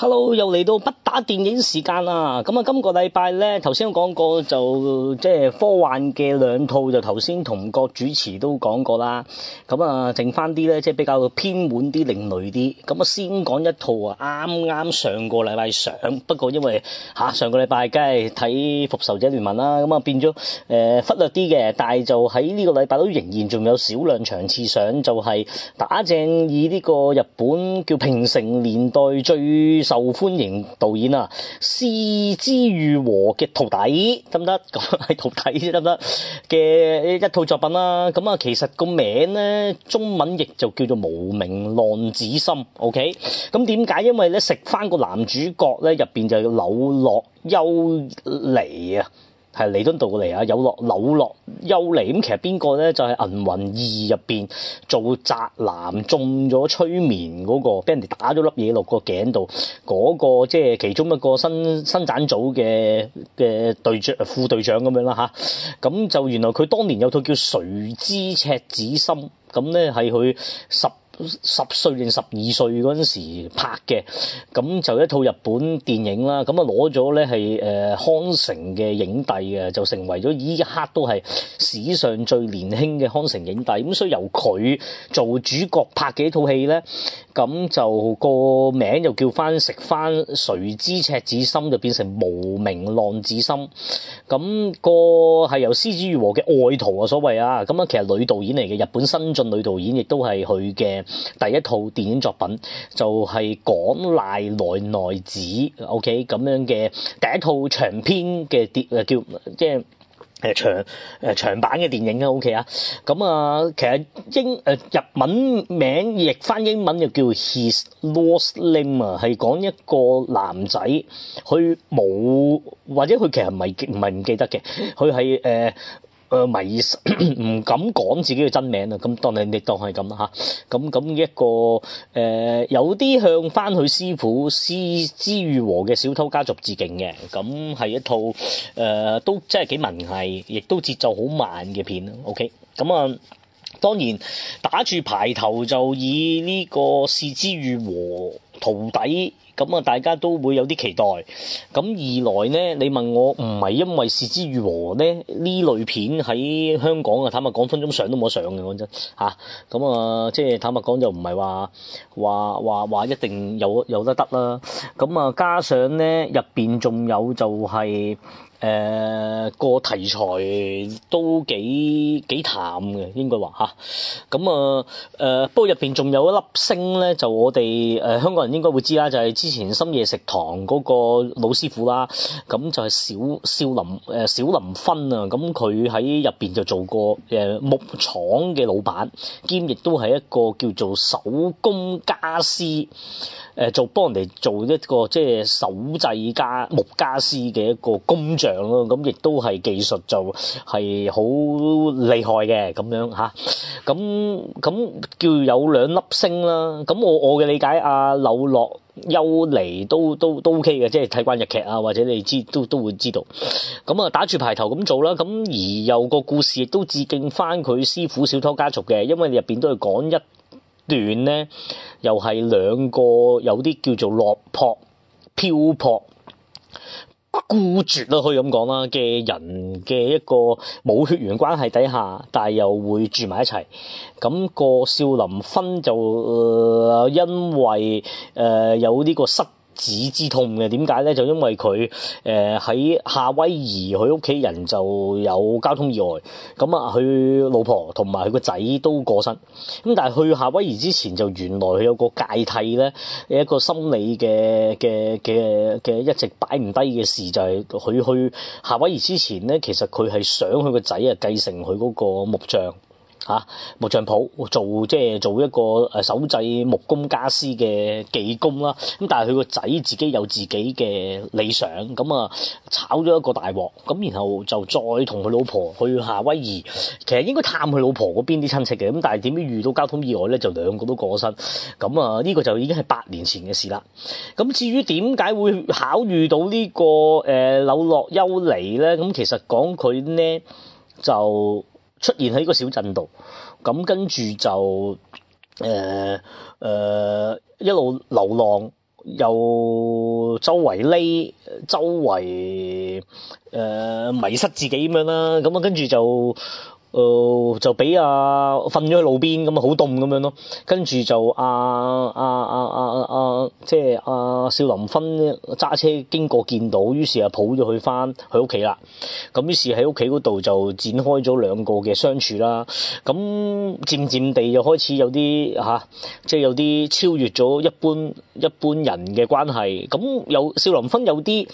Hello，又嚟到不打電影時間啦。咁啊，今個禮拜咧，頭先講過就即係、就是、科幻嘅兩套，就頭先同各主持都講過啦。咁、嗯、啊，剩翻啲咧，即係比較偏門啲、另類啲。咁啊，先講一套啊，啱啱上個禮拜上，不過因為嚇、啊、上個禮拜梗係睇復仇者聯盟啦，咁啊變咗誒、呃、忽略啲嘅。但係就喺呢個禮拜都仍然仲有少量場次上，就係、是、打正以呢個日本叫平成年代最受歡迎導演啊，是枝裕和嘅徒弟得唔得？係 徒弟得唔得？嘅一套作品啦，咁啊，其實個名咧，中文譯就叫做無名浪子心，OK？咁點解？因為咧，食翻個男主角咧，入邊就柳樂優彌啊！係彌敦道嚟啊，有落柳落幽嚟咁，其實邊個咧就係、是《銀魂二》入邊做宅男中咗催眠嗰、那個，俾人哋打咗粒嘢落個頸度，嗰、那個即係其中一個新新展組嘅嘅隊長副隊長咁樣啦吓，咁、啊、就原來佢當年有套叫《誰知赤子心》，咁咧係佢十十歲定十二歲嗰陣時拍嘅，咁就一套日本電影啦。咁啊攞咗咧係誒康城嘅影帝嘅，就成為咗依一刻都係史上最年輕嘅康城影帝。咁所以由佢做主角拍嘅一套戲咧，咁就個名又叫翻食翻誰知赤子心就變成無名浪子心。咁個係由是枝裕和嘅愛徒啊所謂啊，咁啊其實女導演嚟嘅日本新進女導演，亦都係佢嘅。第一套電影作品就係、是、講廣瀨奈奈子，OK 咁樣嘅第一套長篇嘅電，叫即係誒長誒長版嘅電影啦，OK 啊。咁啊，其實英誒、啊、日文名譯翻英文就叫 His Lost Name 啊，係講一個男仔，佢冇或者佢其實唔係唔係唔記得嘅，佢係誒。呃誒迷唔敢講自己嘅真名啊，咁當你你當係咁啦嚇，咁咁一個誒、呃、有啲向翻佢師傅是枝裕和嘅小偷家族致敬嘅，咁係一套誒、呃、都真係幾文藝，亦都節奏好慢嘅片 OK，咁啊當然打住牌頭就以呢個是枝裕和徒弟。咁啊，大家都會有啲期待。咁二來呢，你問我唔係因為是枝裕和呢？呢類片喺香港啊，啊，坦白講，分分鐘上都冇得上嘅。講真吓，咁啊，即係坦白講就唔係話話話話一定有有得得啦。咁啊，加上呢入邊仲有就係、是。誒、呃、個題材都幾幾淡嘅，應該話嚇。咁啊，誒、呃、不過入邊仲有一粒星咧，就我哋誒、呃、香港人應該會知啦，就係、是、之前深夜食堂嗰個老師傅啦。咁就係小少林誒少、呃、林芬啊，咁佢喺入邊就做過誒、呃、木廠嘅老闆，兼亦都係一個叫做手工傢俬。誒做幫人哋做一個即係手製家木家私嘅一個工匠咯，咁亦都係技術就係好厲害嘅咁樣吓，咁、啊、咁叫有兩粒星啦。咁我我嘅理解，阿柳樂優彌都都都 OK 嘅，即係睇慣日劇啊，或者你知都都會知道。咁啊，打住牌頭咁做啦。咁而有個故事亦都致敬翻佢師傅小偷家族嘅，因為入邊都係講一。段咧又係兩個有啲叫做落魄、漂泊、孤絕啦、啊，可以咁講啦嘅人嘅一個冇血緣關係底下，但係又會住埋一齊。咁、那個少林分就誒、呃，因為誒、呃、有呢個失子之痛嘅，點解咧？就因為佢誒喺夏威夷，佢屋企人就有交通意外，咁啊，佢老婆同埋佢個仔都過身。咁但係去夏威夷之前，就原來佢有個芥蒂咧，一個心理嘅嘅嘅嘅一直擺唔低嘅事，就係、是、佢去夏威夷之前咧，其實佢係想佢個仔啊繼承佢嗰個木匠。喺木匠鋪做即係做一個誒手製木工傢俬嘅技工啦，咁但係佢個仔自己有自己嘅理想，咁、嗯、啊炒咗一個大鑊，咁然後就再同佢老婆去夏威夷，其實應該探佢老婆嗰邊啲親戚嘅，咁但係點知遇到交通意外咧，就兩個都過身，咁啊呢個就已經係八年前嘅事啦。咁、嗯、至於點解會考遇到、這個呃、柳呢個誒紐洛休尼咧？咁、嗯、其實講佢呢就。出現喺個小鎮度，咁跟住就誒誒、呃呃、一路流浪，又周圍匿，周圍誒、呃、迷失自己咁樣啦，咁啊跟住就。哦、呃，就俾阿瞓咗喺路邊咁啊，好凍咁樣咯。跟住就阿阿阿阿阿，即係阿少林芬揸車經過見到，於是啊抱咗佢翻佢屋企啦。咁於是喺屋企嗰度就展開咗兩個嘅相處啦。咁漸漸地又開始有啲吓，即、啊、係、就是、有啲超越咗一般一般人嘅關係。咁有少林芬有啲。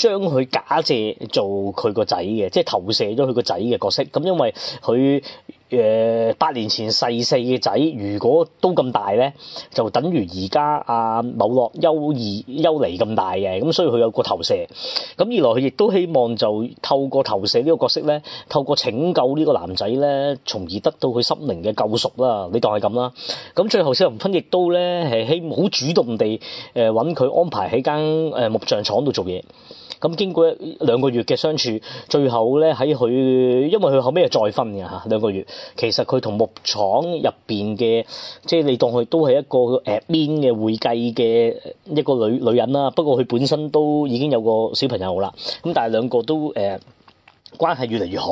將佢假借做佢個仔嘅，即係投射咗佢個仔嘅角色。咁因為佢。誒、呃、八年前細細嘅仔，如果都咁大咧，就等於而家阿某洛優二優尼咁大嘅，咁、嗯、所以佢有個投射。咁、嗯、二來佢亦都希望就透過投射呢個角色咧，透過拯救呢個男仔咧，從而得到佢心靈嘅救贖啦。你當係咁啦。咁、嗯、最後小林薰亦都咧係喺好主動地誒揾佢安排喺間誒木匠廠度做嘢。咁、嗯、經過兩個月嘅相處，最後咧喺佢因為佢後尾係再婚嘅嚇，兩個月。其實佢同木廠入邊嘅，即係你當佢都係一個誒邊嘅會計嘅一個女女人啦。不過佢本身都已經有個小朋友啦。咁但係兩個都誒。呃關係越嚟越好，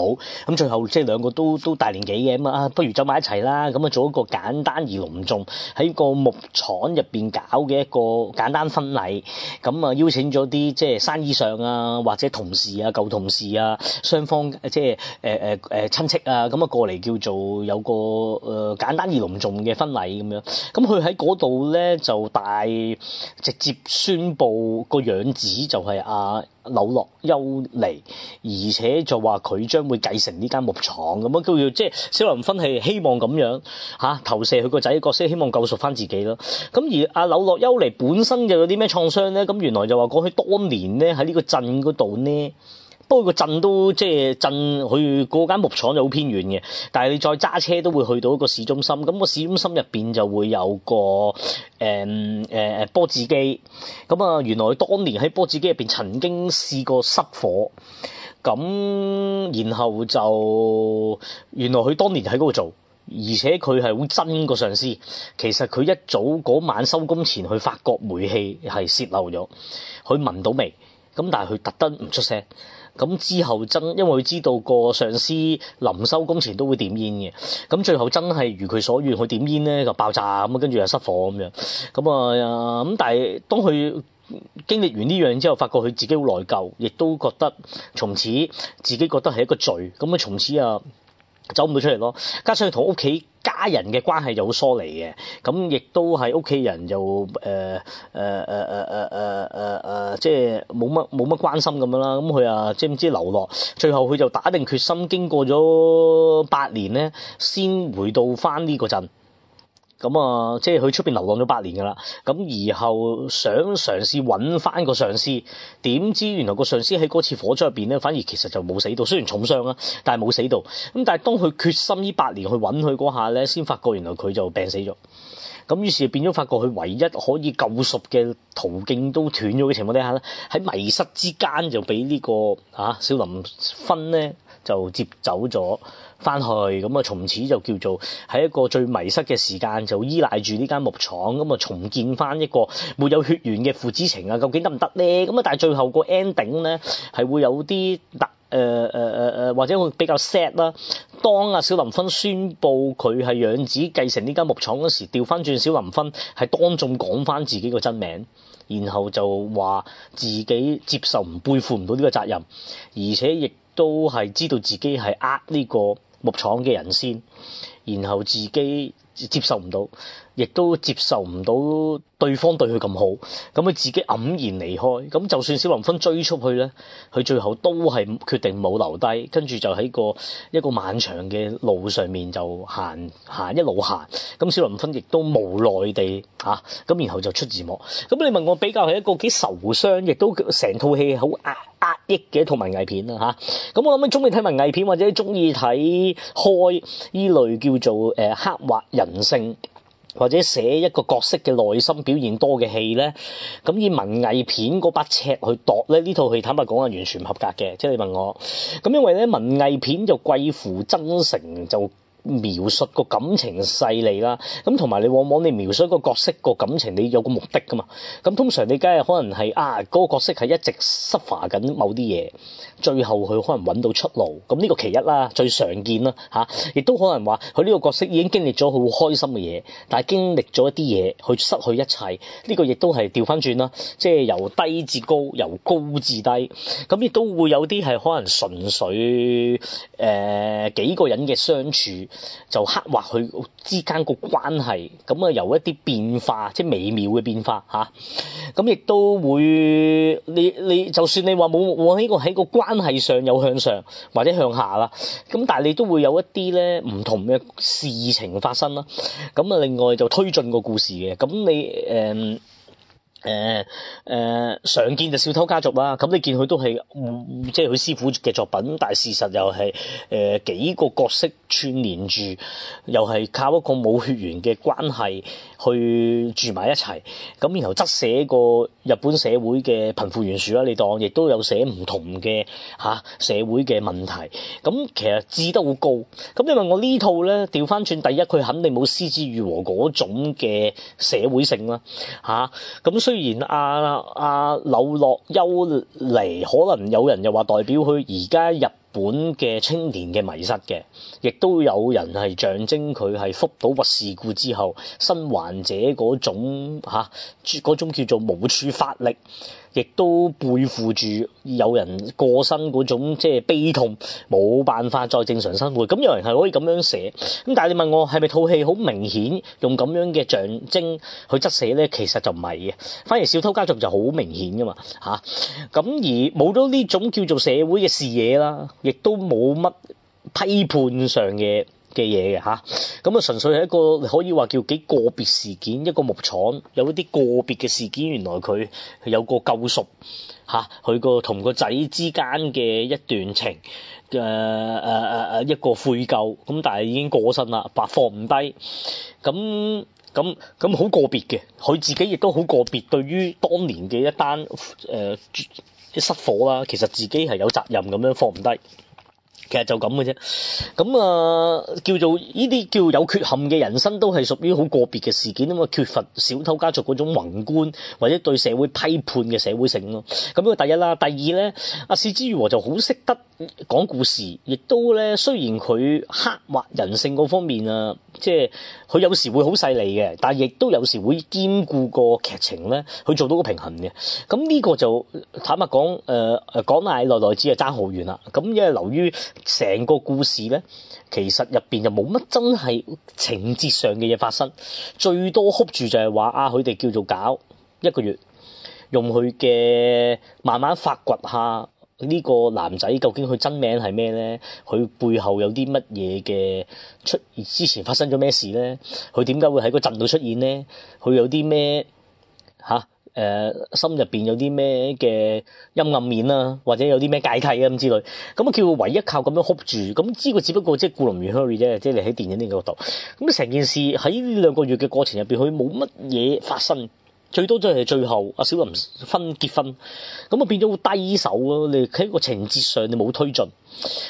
咁最後即係兩個都都大年紀嘅，咁啊不如走埋一齊啦，咁啊做一個簡單而隆重喺個木廠入邊搞嘅一個簡單婚禮，咁啊邀請咗啲即係生意上啊或者同事啊舊同事啊雙方即係誒誒誒親戚啊咁啊過嚟叫做有個誒、呃、簡單而隆重嘅婚禮咁樣，咁佢喺嗰度咧就大直接宣布個養子就係啊。柳樂優彌，而且就話佢將會繼承呢間木廠咁樣，樣，叫做即係小林薰係希望咁樣嚇投射佢個仔角色，希望救贖翻自己咯。咁而阿柳樂優彌本身就有啲咩創傷咧？咁原來就話過去多年咧喺呢個鎮嗰度咧。不過個鎮都即係鎮去嗰間木廠就好偏遠嘅，但係你再揸車都會去到一個市中心。咁個市中心入邊就會有個誒誒誒波子機。咁啊，原來佢當年喺波子機入邊曾經試過失火，咁然後就原來佢當年就喺嗰度做，而且佢係好憎個上司。其實佢一早嗰晚收工前去發覺煤氣係洩漏咗，佢聞到味。咁但係佢特登唔出聲，咁之後真因為佢知道個上司臨收工前都會點煙嘅，咁最後真係如佢所願，佢點煙咧就爆炸咁，跟住又失火咁樣，咁啊咁但係當佢經歷完呢樣之後，發覺佢自己好內疚，亦都覺得從此自己覺得係一個罪，咁啊從此啊。走唔到出嚟咯，加上同屋企家人嘅關係就好疏離嘅，咁亦都係屋企人就誒誒誒誒誒誒誒，即係冇乜冇乜關心咁樣啦。咁佢啊，知唔知流落，最後佢就打定決心，經過咗八年咧，先回到翻呢個鎮。咁啊、嗯，即係佢出邊流浪咗八年噶啦，咁而後想嘗試揾翻個上司，點知原來個上司喺嗰次火災入邊咧，反而其實就冇死到，雖然重傷啦，但係冇死到。咁但係當佢決心呢八年去揾佢嗰下咧，先發覺原來佢就病死咗。咁於是變咗發覺佢唯一可以救贖嘅途徑都斷咗嘅情況底下咧，喺迷失之間就俾呢、呢個啊小林芬咧就接走咗。翻去咁啊，從此就叫做喺一個最迷失嘅時間，就依賴住呢間木廠咁啊，重建翻一個沒有血緣嘅父子情啊，究竟得唔得咧？咁啊，但係最後個 ending 咧係會有啲特誒誒誒或者會比較 sad 啦。當啊，小林芬宣布佢係養子繼承呢間木廠嗰時，調翻轉小林芬係當眾講翻自己個真名，然後就話自己接受唔背負唔到呢個責任，而且亦都係知道自己係呃呢個。木廠嘅人先，然後自己接受唔到，亦都接受唔到對方對佢咁好，咁佢自己黯然離開，咁就算小林芬追出去咧，佢最後都係決定冇留低，跟住就喺個一個漫長嘅路上面就行行一路行，咁小林芬亦都無奈地嚇，咁、啊、然後就出字幕，咁你問我比較係一個幾受傷，亦都成套戲好壓壓。啊益嘅一套文藝片啦吓，咁、啊、我諗你中意睇文藝片或者中意睇開依類叫做誒、呃、刻畫人性或者寫一個角色嘅內心表現多嘅戲咧，咁以文藝片嗰把尺去度咧呢套戲，坦白講係完全唔合格嘅，即係你問我，咁因為咧文藝片就貴乎真誠就。描述個感情細膩啦，咁同埋你往往你描述個角色個感情，你有個目的噶嘛？咁通常你梗係可能係啊，嗰個角色係一直 suffer 緊某啲嘢，最後佢可能揾到出路，咁呢個其一啦，最常見啦吓，亦都可能話佢呢個角色已經經歷咗好開心嘅嘢，但係經歷咗一啲嘢，佢失去一切，呢個亦都係調翻轉啦，即係由低至高，由高至低，咁亦都會有啲係可能純粹誒幾個人嘅相處。就刻畫佢之間個關係，咁啊由一啲變化，即係微妙嘅變化嚇，咁啊亦都會你你就算你話冇我喺個喺個關係上有向上或者向下啦，咁但係你都會有一啲咧唔同嘅事情發生啦，咁啊另外就推進個故事嘅，咁你誒。嗯誒誒、呃呃，常見就小偷家族啦。咁你見佢都係、嗯，即係佢師傅嘅作品，但係事實又係，誒、呃、幾個角色串連住，又係靠一個冇血緣嘅關係。去住埋一齊，咁然後則寫個日本社會嘅貧富懸殊啦，你當亦都有寫唔同嘅嚇社會嘅問題，咁其實智得好高。咁你問我套呢套咧，調翻轉第一，佢肯定冇是枝裕和嗰種嘅社會性啦，嚇、啊。咁雖然阿、啊、阿、啊、柳樂優嚟，可能有人又話代表佢而家入。本嘅青年嘅迷失嘅，亦都有人係象徵佢係福島核事故之後，新患者嗰種嚇，嗰、啊、嗰種叫做無處發力。亦都背負住有人過身嗰種即係悲痛，冇辦法再正常生活。咁有人係可以咁樣寫，咁但係你問我係咪套戲好明顯用咁樣嘅象徵去質寫咧？其實就唔係嘅，反而小偷家族就好明顯噶嘛嚇。咁、啊、而冇咗呢種叫做社會嘅視野啦，亦都冇乜批判上嘅。嘅嘢嘅吓，咁啊純粹係一個可以話叫幾個別事件，一個木廠有一啲個別嘅事件，原來佢有個救贖嚇，佢、啊、個同個仔之間嘅一段情嘅誒誒誒一個悔疚，咁但係已經過身啦，白放唔低，咁咁咁好個別嘅，佢自己亦都好個別，對於當年嘅一單誒、呃、失火啦，其實自己係有責任咁樣放唔低。其實就咁嘅啫，咁啊、呃、叫做呢啲叫有缺陷嘅人生都係屬於好個別嘅事件啊嘛，缺乏小偷家族嗰種宏觀或者對社會批判嘅社會性咯。咁呢個第一啦，第二咧，阿是枝裕和就好識得講故事，亦都咧雖然佢刻畫人性嗰方面啊，即係佢有時會好犀利嘅，但係亦都有時會兼顧個劇情咧，去做到個平衡嘅。咁呢個就坦白講，誒誒講嚟內內子啊爭好遠啦。咁因為流於。成個故事咧，其實入邊又冇乜真係情節上嘅嘢發生，最多焗住就係話啊，佢哋叫做搞一個月，用佢嘅慢慢發掘下呢個男仔究竟佢真名係咩咧？佢背後有啲乜嘢嘅出現，之前發生咗咩事咧？佢點解會喺個鎮度出現咧？佢有啲咩嚇？誒，心入邊有啲咩嘅陰暗面啊，或者有啲咩芥蒂啊咁之類，咁啊叫唯一靠咁樣 hold 住，咁知佢只不過即係故弄玄虛啫，即係你喺電影呢個度，咁你成件事喺呢兩個月嘅過程入邊，佢冇乜嘢發生。最多都係最後，阿小林婚結婚，咁啊變咗好低手咯。你喺個情節上你冇推進，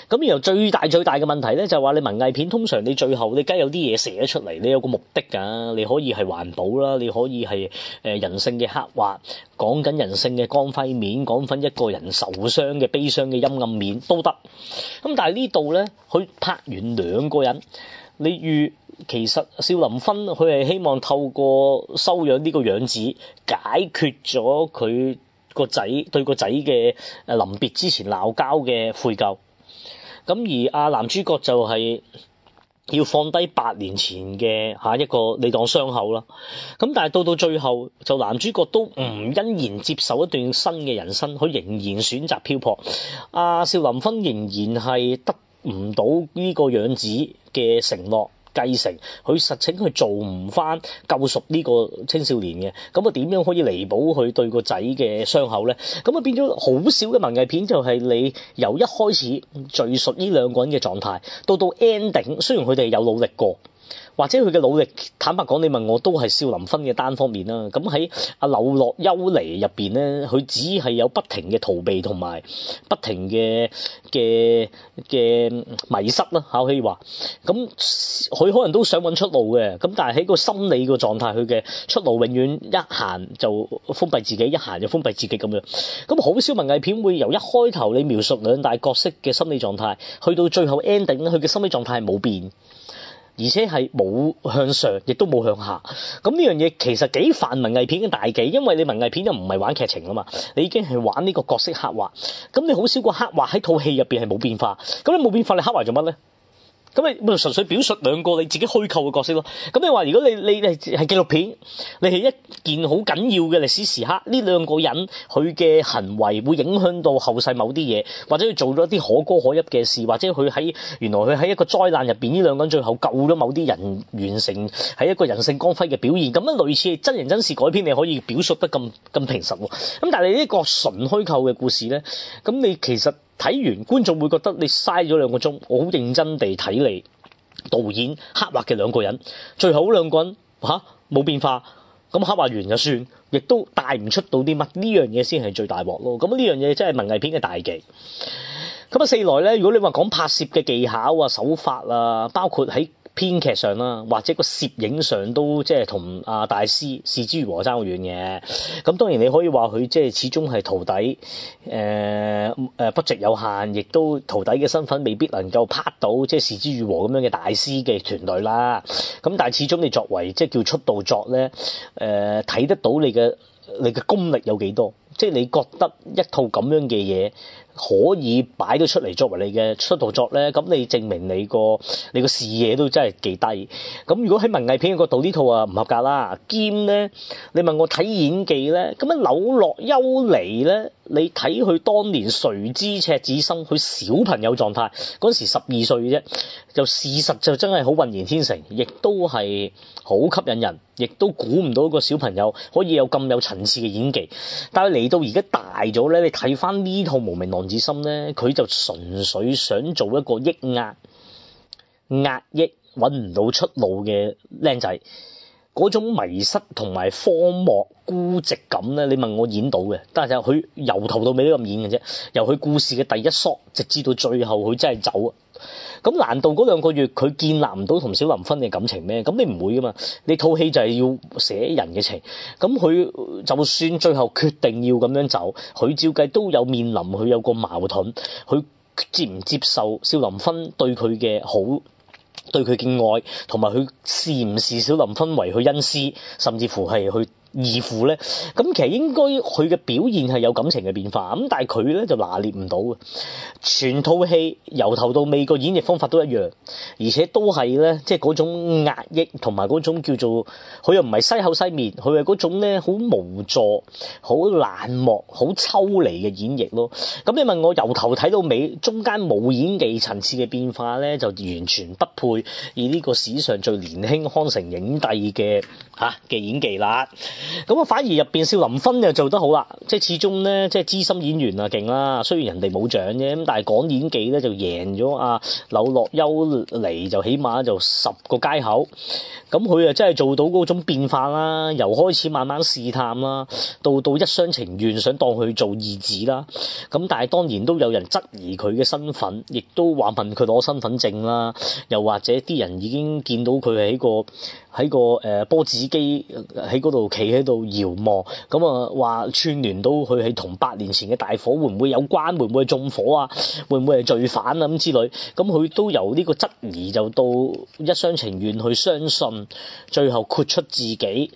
咁然後最大最大嘅問題咧就係話你文藝片通常你最後你梗係有啲嘢寫咗出嚟，你有個目的㗎，你可以係環保啦，你可以係誒人性嘅刻畫，講緊人性嘅光輝面，講返一個人受傷嘅悲傷嘅陰暗面都得。咁但係呢度咧，佢拍完兩個人，你如。其實少林芬，佢係希望透過收養呢個養子，解決咗佢個仔對個仔嘅誒臨別之前鬧交嘅悔疚。咁而阿男主角就係要放低八年前嘅吓一個你當傷口啦。咁但係到到最後，就男主角都唔欣然接受一段新嘅人生，佢仍然選擇漂泊。阿少林芬仍然係得唔到呢個養子嘅承諾。繼承佢實情，佢做唔翻，救贖呢個青少年嘅咁啊？點樣可以彌補佢對個仔嘅傷口咧？咁啊，變咗好少嘅文藝片就係你由一開始敘述呢兩個人嘅狀態到到 ending，雖然佢哋有努力過。或者佢嘅努力，坦白講，你問我都係少林分嘅單方面啦。咁喺阿柳落幽離入邊咧，佢只係有不停嘅逃避同埋不停嘅嘅嘅迷失啦。嚇，可以話，咁佢可能都想揾出路嘅，咁但係喺個心理個狀態，佢嘅出路永遠一行就封閉自己，一行就封閉自己咁樣。咁好少文藝片會由一開頭你描述兩大角色嘅心理狀態，去到最後 ending，佢嘅心理狀態係冇變。而且係冇向上，亦都冇向下。咁呢樣嘢其實幾犯文藝片嘅大忌，因為你文藝片就唔係玩劇情㗎嘛，你已經係玩呢個角色刻畫。咁你好少個刻畫喺套戲入邊係冇變化，咁你冇變化，你刻畫做乜咧？咁咪純粹表述兩個你自己虛構嘅角色咯。咁你話如果你你係係紀錄片，你係一件好緊要嘅歷史時刻，呢兩個人佢嘅行為會影響到後世某啲嘢，或者佢做咗啲可歌可泣嘅事，或者佢喺原來佢喺一個災難入邊，呢兩個人最後救咗某啲人，完成喺一個人性光輝嘅表現。咁樣類似真人真事改編，你可以表述得咁咁平實。咁但係呢個純虛構嘅故事呢，咁你其實睇完，觀眾會覺得你嘥咗兩個鐘。我好認真地睇你導演、刻畫嘅兩個人，最後嗰兩個人嚇冇、啊、變化，咁刻畫完就算，亦都帶唔出到啲乜。呢樣嘢先係最大鑊咯。咁呢樣嘢真係文藝片嘅大忌。咁啊，四來咧，如果你話講拍攝嘅技巧啊、手法啊，包括喺，編劇上啦，或者個攝影上都即係同阿大師是枝裕和爭好遠嘅。咁當然你可以話佢即係始終係徒弟，誒誒 budget 有限，亦都徒弟嘅身份未必能夠拍到即係是枝裕和咁樣嘅大師嘅團隊啦。咁但係始終你作為即係叫出道作咧，誒、呃、睇得到你嘅你嘅功力有幾多？即係你覺得一套咁樣嘅嘢。可以擺到出嚟作為你嘅出道作咧，咁你證明你個你個視野都真係幾低。咁如果喺文藝片嘅角度呢套啊唔合格啦，兼咧你問我睇演技咧，咁樣扭落幽嚟咧。你睇佢當年誰知赤子心，佢小朋友狀態嗰時十二歲啫，就事實就真係好渾然天成，亦都係好吸引人，亦都估唔到一個小朋友可以有咁有層次嘅演技。但係嚟到而家大咗呢，你睇翻呢套無名浪子心呢，佢就純粹想做一個抑壓、壓抑、揾唔到出路嘅靚仔。嗰種迷失同埋荒漠孤寂感咧，你問我演到嘅，但係佢由頭到尾都咁演嘅啫，由佢故事嘅第一縮直至到最後佢真係走啊。咁難道嗰兩個月佢建立唔到同小林芬嘅感情咩？咁你唔會噶嘛？你套戲就係要寫人嘅情。咁佢就算最後決定要咁樣走，佢照計都有面臨佢有個矛盾，佢接唔接受小林芬對佢嘅好？對佢嘅愛，同埋佢是唔是小林氛圍去恩師，甚至乎係去。二乎咧，咁其實應該佢嘅表現係有感情嘅變化，咁但係佢咧就拿捏唔到嘅。全套戲由頭到尾個演繹方法都一樣，而且都係咧，即係嗰種壓抑同埋嗰種叫做佢又唔係西口西面，佢係嗰種咧好無助、好冷漠、好抽離嘅演繹咯。咁、嗯、你問我由頭睇到尾，中間冇演技層次嘅變化咧，就完全不配以呢個史上最年輕康城影帝嘅嚇嘅演技啦。咁啊，反而入邊少林芬又做得好啦，即係始終咧，即係資深演員啊，勁啦。雖然人哋冇獎啫，咁但係講演技咧就贏咗啊。柳樂優彌就起碼就十個街口，咁佢啊真係做到嗰種變化啦，由開始慢慢試探啦，到到一廂情願想當佢做義子啦。咁但係當然都有人質疑佢嘅身份，亦都話問佢攞身份證啦，又或者啲人已經見到佢係一個。喺個誒、呃、波子機喺嗰度企喺度遙望，咁啊話串聯到佢係同八年前嘅大火會唔會有關，會唔會係縱火啊？會唔會係罪犯啊咁之類？咁佢都由呢個質疑，就到一廂情願去相信，最後豁出自己，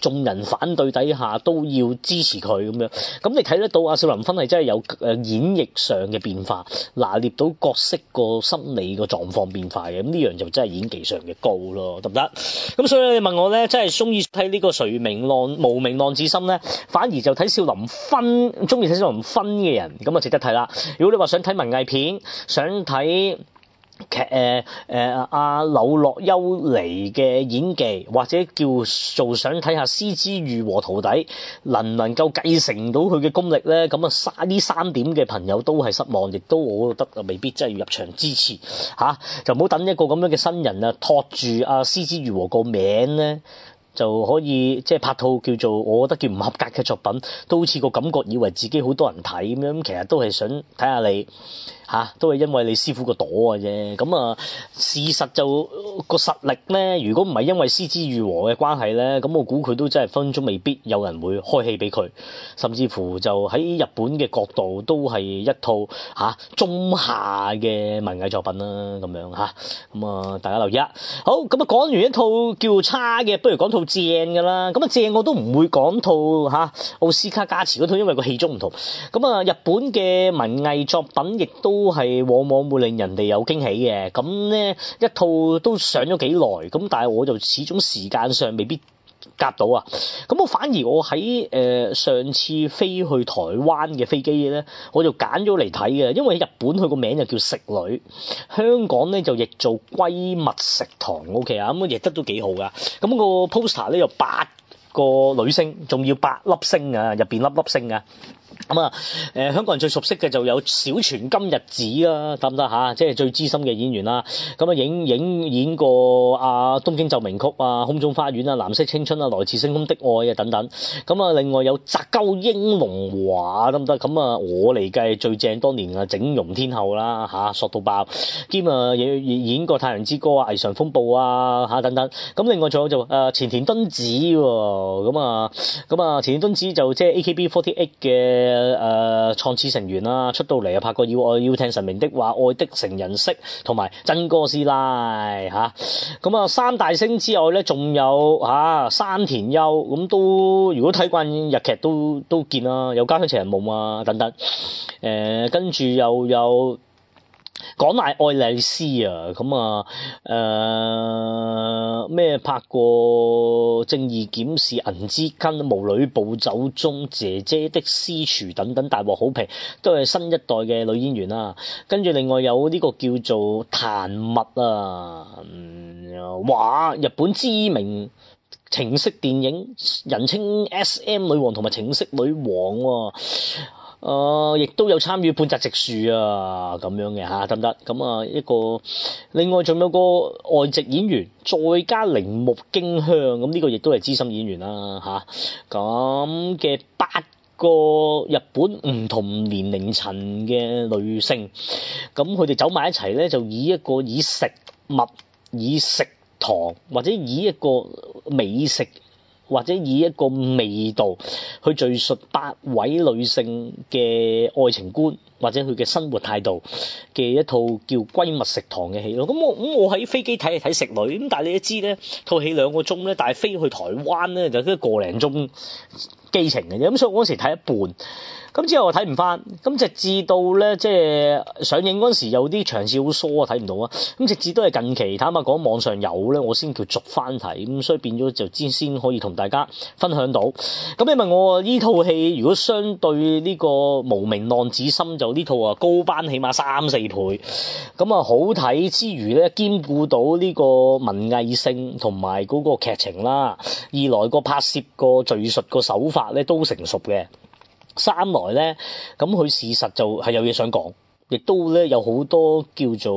眾人反對底下都要支持佢咁樣。咁你睇得到阿小林芬係真係有誒演繹上嘅變化，拿捏到角色個心理個狀況變化嘅。咁呢樣就真係演技上嘅高咯，得唔得？咁所以咧，你問我咧，真係中意睇呢個誰名浪《無名浪子心》咧，反而就睇少林分，中意睇少林分嘅人咁啊，就值得睇啦。如果你話想睇文藝片，想睇。劇誒誒，阿柳樂優彌嘅演技，或者叫做想睇下是枝裕和徒弟能唔能夠繼承到佢嘅功力咧？咁啊，三呢三點嘅朋友都係失望，亦都我覺得未必真係要入場支持吓，啊，就唔好等一個咁樣嘅新人啊，托住阿是枝裕和個名咧，就可以即係，就是，拍套叫做我覺得叫唔合格嘅作品，都好似個感覺以為自己好多人睇咁樣，其實都係想睇下你吓都係因為你師傅個朵啊啫。咁啊，事實就個實力咧，如果唔係因為是枝裕和嘅關係咧，咁我估佢都真係分鐘未必有人會開戲俾佢，甚至乎就喺日本嘅角度都係一套吓、啊、中下嘅文藝作品啦咁樣吓咁啊，大家留意啊，好，咁啊講完一套叫差嘅，不如講套正㗎啦。咁啊正我都唔會講套吓奧斯卡加持嗰套，因為個戲種唔同。咁啊，日本嘅文藝作品亦都，都係往往會令人哋有驚喜嘅，咁咧一套都上咗幾耐，咁但係我就始終時間上未必夾到啊，咁我反而我喺誒、呃、上次飛去台灣嘅飛機咧，我就揀咗嚟睇嘅，因為日本佢個名就叫食女，香港咧就譯做閨蜜食堂 OK 啊，咁啊譯得都幾好噶，咁個 poster 咧有八個女星，仲要八粒星啊，入邊粒粒星啊。咁啊，誒、嗯、香港人最熟悉嘅就有小泉今日子啊，得唔得吓？即係最資深嘅演員啦。咁啊，影影演過啊東京奏鳴曲》啊，啊啊啊《空中花園啊，《藍色青春》啊，《來自星空的愛啊等等。咁啊，另外有澤尻英龍華得唔得？咁啊，我嚟計最正，當年啊整容天后啦、啊、吓，索到爆。兼啊，演演演過太陽之歌》啊，《異常風暴》啊吓等等。咁另外仲有就誒、啊、前田敦子喎、哦，咁啊，咁啊前田敦子就即係 A K B forty eight 嘅。誒，誒，創始成員啦，出到嚟啊拍過《要愛要聽神明的話，愛的成人式，同埋真哥師奶吓，咁啊三大星之外咧，仲有吓山、啊、田優咁都，如果睇慣日劇，都都見啊，有家鄉情人夢》啊等等。誒、啊，跟住又有。又講埋愛麗絲啊，咁、呃、啊，誒咩拍過《正義檢視》《銀之根》《無女暴走中》《姐姐的私廚》等等大獲好評，都係新一代嘅女演員啊。跟住另外有呢個叫做壇蜜啊、嗯，哇，日本知名情色電影人稱 SM 女王同埋情色女王啊。誒，亦、呃、都有參與半澤直樹啊，咁樣嘅嚇得唔得？咁啊，一個另外仲有個外籍演員，再加鈴木京香，咁、這、呢個亦都係資深演員啦、啊、嚇。咁嘅八個日本唔同年齡層嘅女星，咁佢哋走埋一齊咧，就以一個以食物、以食堂或者以一個美食。或者以一個味道去敘述八位女性嘅愛情觀。或者佢嘅生活態度嘅一套叫《閨密食堂》嘅戲咯，咁、嗯、我咁我喺飛機睇係睇《食女》，咁但係你都知咧，套戲兩個鐘咧，但係飛去台灣咧就都、是、個零鐘機程嘅啫，咁所以我陣時睇一半，咁之後我睇唔翻，咁直至到咧即係上映陣時有啲場次好疏啊，睇唔到啊，咁直至都係近期坦白講網上有咧，我先叫續翻睇，咁所以變咗就先先可以同大家分享到。咁你問我呢套戲如果相對呢個無名浪子心就？呢套啊高班起碼三四倍，咁啊好睇之餘咧，兼顧到呢個文藝性同埋嗰個劇情啦，二來個拍攝個敘述個手法咧都成熟嘅，三來咧咁佢事實就係有嘢想講。亦都咧有好多叫做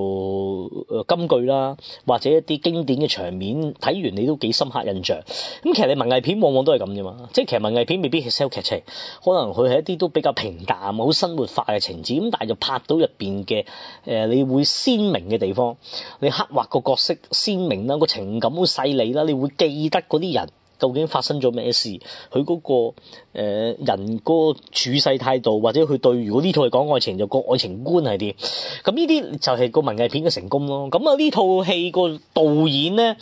誒金句啦，或者一啲經典嘅場面，睇完你都幾深刻印象。咁其實你文藝片往往都係咁啫嘛，即係其實文藝片未必係 sell 劇情，可能佢係一啲都比較平淡，好生活化嘅情節，咁但係就拍到入邊嘅誒，你會鮮明嘅地方，你刻畫個角色鮮明啦，個情感好細膩啦，你會記得啲人。究竟發生咗咩事？佢嗰、那個、呃、人嗰個處世態度，或者佢對如果呢套戲講愛情，就個愛情觀係點。咁呢啲就係個文藝片嘅成功咯。咁、嗯、啊，呢套戲個導演咧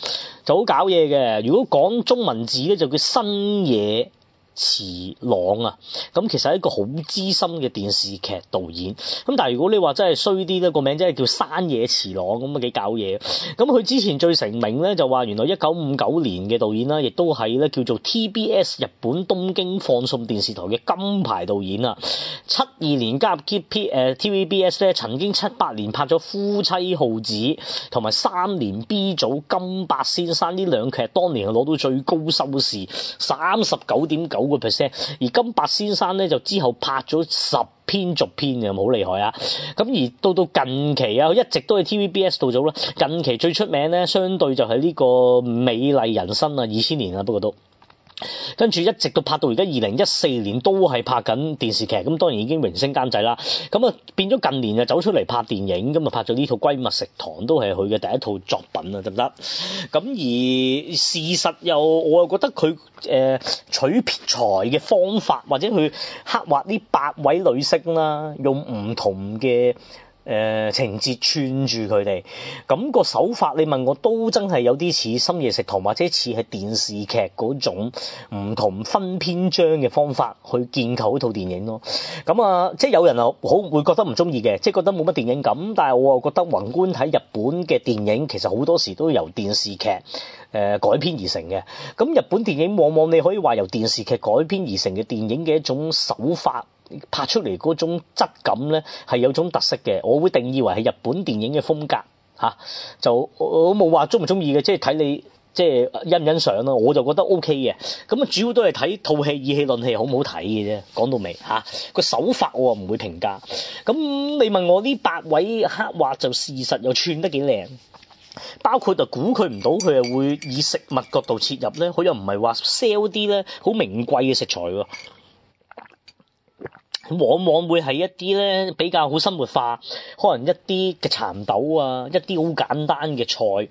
就好搞嘢嘅。如果講中文字咧，就叫新嘢。池朗啊，咁其實係一個好資深嘅電視劇導演。咁但係如果你話真係衰啲咧，個名真係叫山野池朗，咁啊幾搞嘢。咁佢之前最成名咧就話，原來一九五九年嘅導演啦，亦都係咧叫做 TBS 日本東京放送電視台嘅金牌導演啊。七二年加入 TVBS 咧，曾經七八年拍咗《夫妻好子》同埋三年 B 組《金伯先生》呢兩劇，當年係攞到最高收視三十九點九。九個 percent，而金伯先生咧就之後拍咗十篇續篇嘅，好厲害啊！咁而到到近期啊，一直都喺 TVBS 度做啦。近期最出名咧，相對就係呢個《美麗人生》啊，二千年啊，不過都。跟住一直到拍到而家二零一四年都係拍緊電視劇，咁當然已經榮升監製啦。咁啊變咗近年就走出嚟拍電影，咁啊拍咗呢套《閨密食堂》都係佢嘅第一套作品啊，得唔得？咁而事實又我又覺得佢誒、呃、取材嘅方法或者佢刻畫呢八位女星啦，用唔同嘅。誒、呃、情節串住佢哋，咁個手法你問我都真係有啲似深夜食堂，或者似係電視劇嗰種唔同分篇章嘅方法去建構嗰套電影咯。咁、嗯、啊，即係有人啊好會覺得唔中意嘅，即係覺得冇乜電影感。但係我又覺得宏觀睇日本嘅電影，其實好多時都由電視劇誒、呃、改編而成嘅。咁日本電影往往你可以話由電視劇改編而成嘅電影嘅一種手法。拍出嚟嗰種質感咧係有種特色嘅，我會定義為係日本電影嘅風格嚇、啊，就我冇話鍾唔鍾意嘅，即係睇你即係欣唔欣賞咯、啊。我就覺得 O K 嘅，咁啊主要都係睇套戲，以戲論戲好唔好睇嘅啫。講到尾嚇，個、啊、手法我又唔會評價。咁你問我呢八位刻畫就事實又串得幾靚，包括就估佢唔到佢又會以食物角度切入咧，佢又唔係話 sell 啲咧好名貴嘅食材喎。往往會係一啲咧比較好生活化，可能一啲嘅蠶豆啊，一啲好簡單嘅菜，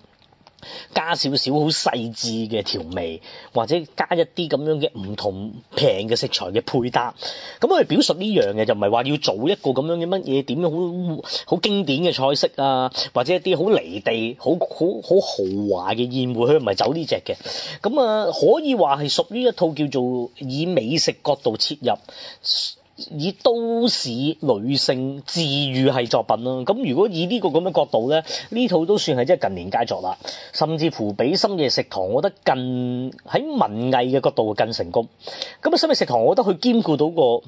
加少少好細緻嘅調味，或者加一啲咁樣嘅唔同平嘅食材嘅配搭。咁、嗯、佢表述呢樣嘅就唔係話要做一個咁樣嘅乜嘢點樣好好經典嘅菜式啊，或者一啲好離地好好好豪華嘅宴會，佢唔係走呢隻嘅。咁、嗯、啊，可以話係屬於一套叫做以美食角度切入。以都市女性治癒系作品啦。咁如果以呢個咁嘅角度咧，呢套都算係即係近年佳作啦，甚至乎比《深夜食堂》我覺得更喺文藝嘅角度更成功。咁《深夜食堂》我覺得佢兼顧到個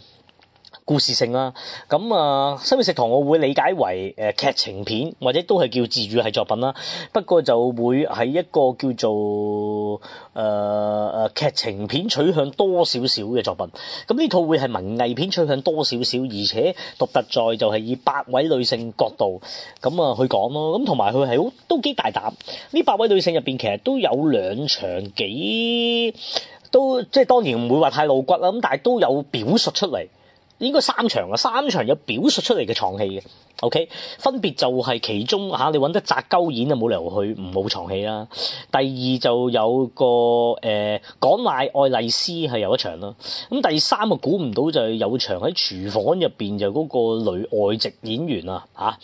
故事性啦，咁、嗯、啊《深夜食堂》我會理解為誒劇、呃、情片或者都係叫治癒系作品啦，不過就會係一個叫做誒誒劇情片取向多少少嘅作品。咁、嗯、呢套會係文藝片取向多少少，而且獨特在就係以八位女性角度咁啊、嗯嗯、去講咯。咁同埋佢係好都幾大膽。呢八位女性入邊，其實都有兩場幾都即係當然唔會話太露骨啦，咁但係都有表述出嚟。應該三場啊，三場有表述出嚟嘅床戲。O.K. 分別就係其中嚇、啊，你揾得雜鳩演啊，冇理由去唔冇床戲啦。第二就有個誒講埋愛麗絲係有一場啦。咁第三啊，估唔到就係有場喺廚房入邊就嗰個女外籍演員啊嚇。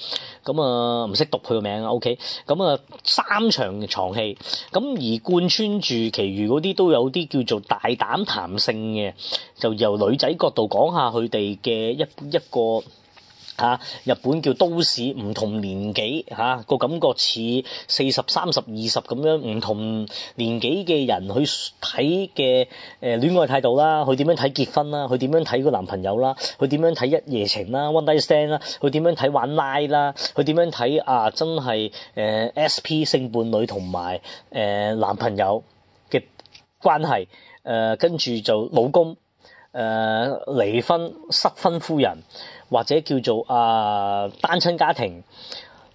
咁啊唔識、啊、讀佢個名 okay? 啊 O.K. 咁啊三場床戲。咁而貫穿住，其餘嗰啲都有啲叫做大膽談性嘅，就由女仔角度講下佢哋嘅一一個。嚇，日本叫都市唔同年紀嚇個感覺似四十三十二十咁樣唔同年紀嘅人去睇嘅誒戀愛態度啦，佢點樣睇結婚啦，佢點樣睇個男朋友啦，佢點樣睇一夜情啦，One Day Stand 啦，佢點樣睇玩 Line 啦，佢點樣睇啊真係誒、呃、S.P. 性伴侶同埋誒男朋友嘅關係，誒跟住就老公誒、呃、離婚失婚夫人。或者叫做啊、呃、單親家庭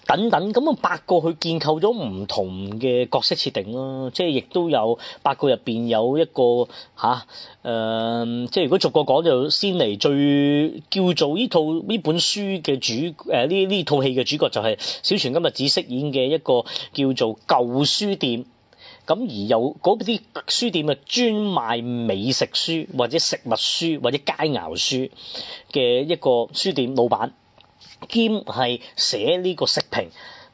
等等，咁啊八個佢建構咗唔同嘅角色設定咯，即係亦都有八個入邊有一個吓，誒、啊呃，即係如果逐個講就先嚟最叫做呢套呢本書嘅主誒呢呢套戲嘅主角就係小泉今日子飾演嘅一個叫做舊書店。咁而有嗰啲書店啊，專賣美食書或者食物書或者佳肴書嘅一個書店老闆兼係寫呢個食評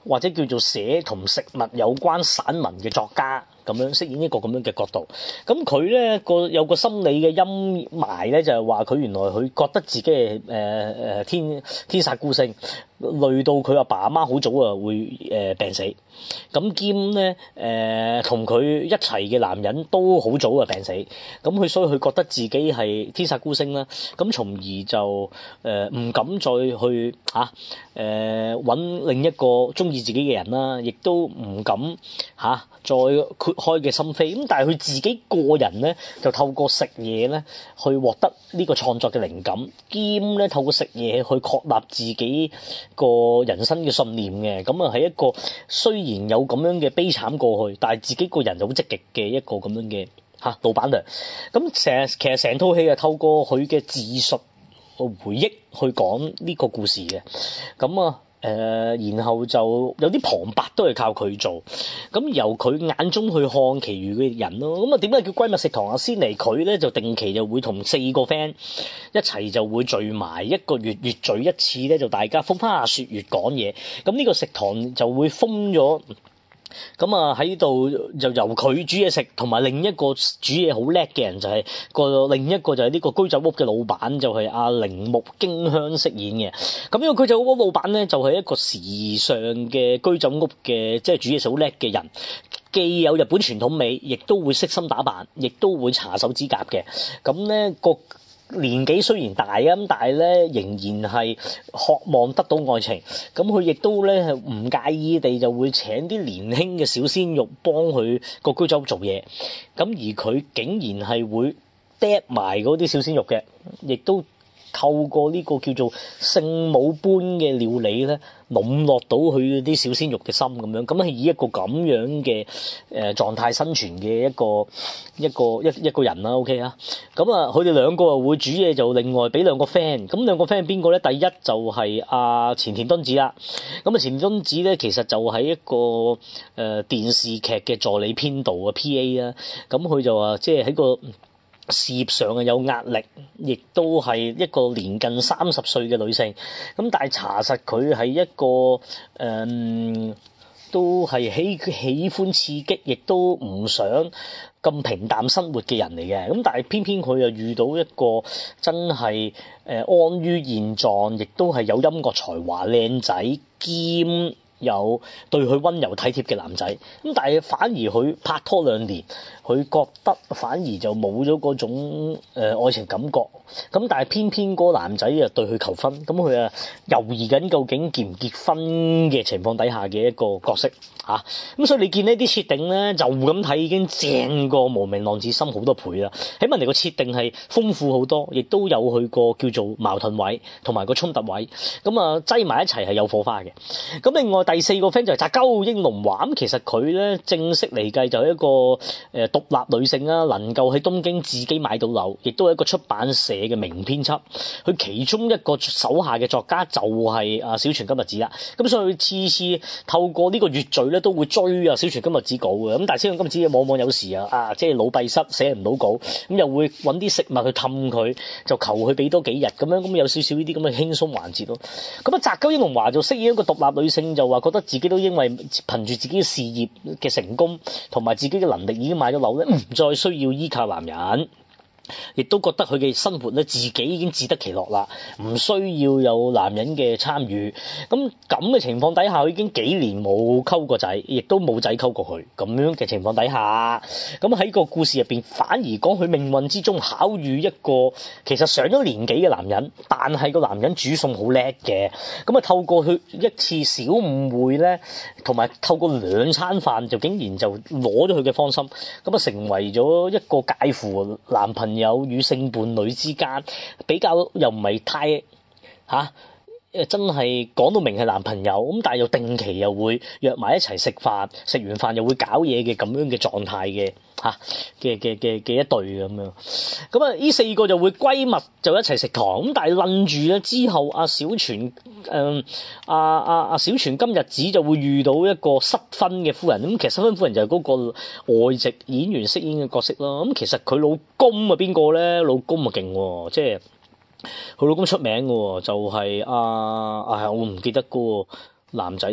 或者叫做寫同食物有關散文嘅作家咁樣飾演一個咁樣嘅角度。咁佢咧個有個心理嘅陰霾咧，就係話，佢原來佢覺得自己係誒誒天天煞孤星。累到佢阿爸阿媽好早啊，會誒病死。咁兼咧誒同佢一齊嘅男人都好早啊病死。咁佢所以佢覺得自己係天煞孤星啦。咁從而就誒唔、呃、敢再去嚇誒揾另一個鍾意自己嘅人啦，亦都唔敢嚇、啊、再豁開嘅心扉。咁但係佢自己個人咧，就透過食嘢咧去獲得呢個創作嘅靈感，兼咧透過食嘢去確立自己。個人生嘅信念嘅，咁啊，係一個雖然有咁樣嘅悲慘過去，但係自己個人就好積極嘅一個咁樣嘅吓、啊、老闆娘，咁成其實成套戲啊，透過佢嘅自述嘅回憶去講呢個故事嘅咁啊。誒、呃，然後就有啲旁白都係靠佢做，咁由佢眼中去看，其餘嘅人咯。咁啊，點解叫閨密食堂啊？先嚟佢咧就定期就會同四個 friend 一齊就會聚埋，一個月月聚一次咧，就大家風花雪月，月講嘢。咁呢個食堂就會封咗。咁啊喺度就由佢煮嘢食，同埋另一個煮嘢好叻嘅人就係、是、個另一個就係呢個居酒屋嘅老闆就係阿鈴木京香飾演嘅。咁樣佢就嗰個居酒屋老闆咧就係、是、一個時尚嘅居酒屋嘅，即、就、係、是、煮嘢食好叻嘅人，既有日本傳統美，亦都會悉心打扮，亦都會搽手指甲嘅。咁、嗯、咧、那個。年紀雖然大啊，但係咧仍然係渴望得到愛情。咁佢亦都咧係唔介意地就會請啲年輕嘅小鮮肉幫佢個居酒屋做嘢。咁而佢竟然係會 dead 埋嗰啲小鮮肉嘅，亦都。透過呢個叫做聖母般嘅料理咧，籠絡到佢啲小鮮肉嘅心咁樣，咁啊以一個咁樣嘅誒、呃、狀態生存嘅一個一個一一個人啦，OK 啊？咁啊，佢哋兩個啊會煮嘢就另外俾兩個 friend，咁兩個 friend 邊個咧？第一就係阿前田敦子啦。咁啊，前田敦子咧、啊、其實就係一個誒、呃、電視劇嘅助理編導啊，PA 啊，咁佢就話即係喺個。事業上嘅有壓力，亦都係一個年近三十歲嘅女性。咁但係查實佢係一個誒、嗯，都係喜喜歡刺激，亦都唔想咁平淡生活嘅人嚟嘅。咁但係偏偏佢又遇到一個真係誒安於現狀，亦都係有音樂才華、靚仔兼有對佢溫柔體貼嘅男仔。咁但係反而佢拍拖兩年。佢覺得反而就冇咗嗰種誒、呃、愛情感覺，咁但係偏偏個男仔啊對佢求婚，咁佢啊猶豫緊究竟結唔結婚嘅情況底下嘅一個角色嚇，咁、啊、所以你見呢啲設定咧就咁睇已經正過無名浪子心好多倍啦，起碼你個設定係豐富好多，亦都有佢個叫做矛盾位同埋個衝突位，咁啊擠埋、啊、一齊係有火花嘅。咁、啊、另外第四個 friend 就係澤尻英龍華，咁其實佢咧正式嚟計就係一個誒、呃獨立女性啦，能夠喺東京自己買到樓，亦都係一個出版社嘅名編輯。佢其中一個手下嘅作家就係啊小泉今日子啦。咁所以佢次次透過呢個月序咧，都會追啊小泉今日子稿嘅。咁但係小泉今日子往往有時啊啊，即係腦閉塞，寫唔到稿，咁又會揾啲食物去氹佢，就求佢俾多，多幾日咁樣，咁有少少呢啲咁嘅輕鬆環節咯。咁啊，澤尻英龍華就飾演一個獨立女性，就話覺得自己都因為憑住自己嘅事業嘅成功同埋自己嘅能力已經買咗唔再需要依靠男人。亦都覺得佢嘅生活咧，自己已經自得其樂啦，唔需要有男人嘅參與。咁咁嘅情況底下，佢已經幾年冇溝過仔，亦都冇仔溝過佢。咁樣嘅情況底下，咁喺個故事入邊，反而講佢命運之中巧遇一個其實上咗年紀嘅男人，但係個男人煮餸好叻嘅。咁啊，透過佢一次小誤會咧，同埋透過兩餐飯，就竟然就攞咗佢嘅芳心，咁啊成為咗一個介乎男朋有與性伴侶之間比較又唔係太吓。啊。誒，真係講到明係男朋友咁，但係又定期又會約埋一齊食飯，食完飯又會搞嘢嘅咁樣嘅狀態嘅吓，嘅嘅嘅嘅一對咁樣。咁啊，呢四個就會閨蜜就一齊食堂咁，但係楞住咧之後，阿小泉誒，阿阿阿小泉今日子就會遇到一個失婚嘅夫人。咁其實失婚夫人就係嗰個外籍演員飾演嘅角色咯。咁其實佢老公係邊個咧？老公啊勁，即係。佢老公出名嘅，就係、是、啊，啊，我唔記得個男仔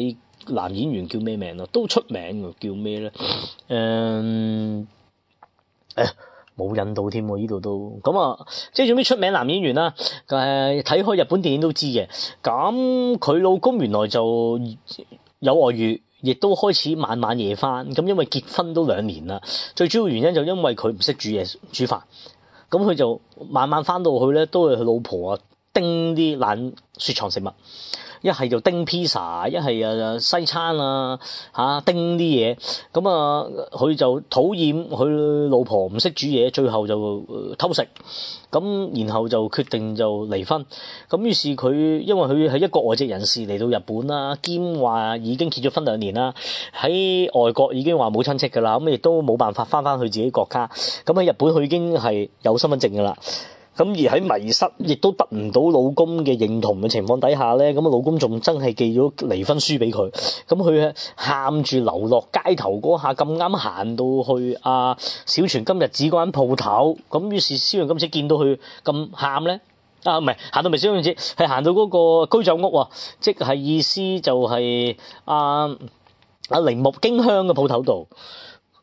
男演員叫咩名啦，都出名嘅，叫咩咧？誒、嗯，冇、哎、引到添，呢度都咁啊，即係做咩出名男演員啦？誒，睇開日本電影都知嘅。咁佢老公原來就有外遇，亦都開始都晚晚夜翻。咁因為結婚都兩年啦，最主要原因就因為佢唔識煮嘢煮飯。咁佢就慢慢翻到去咧，都係佢老婆啊。叮啲冷雪藏食物，一係就叮披薩，一係啊西餐啊嚇，叮啲嘢，咁啊佢就討厭佢老婆唔識煮嘢，最後就偷食，咁然後就決定就離婚，咁於是佢因為佢係一個外籍人士嚟到日本啦，兼話已經結咗婚兩年啦，喺外國已經話冇親戚噶啦，咁亦都冇辦法翻翻去自己國家，咁、嗯、喺日本佢已經係有身份證噶啦。咁而喺迷失，亦都得唔到老公嘅認同嘅情況底下咧，咁啊老公仲真係寄咗離婚書俾佢，咁佢喊住流落街頭嗰下，咁啱行到去阿、啊、小泉今日子嗰間鋪頭，咁於是小泉今日子見到佢咁喊咧，啊唔係行到未？小泉今日子係行到嗰個居酒屋啊，即係意思就係阿阿鈴木京香嘅鋪頭度。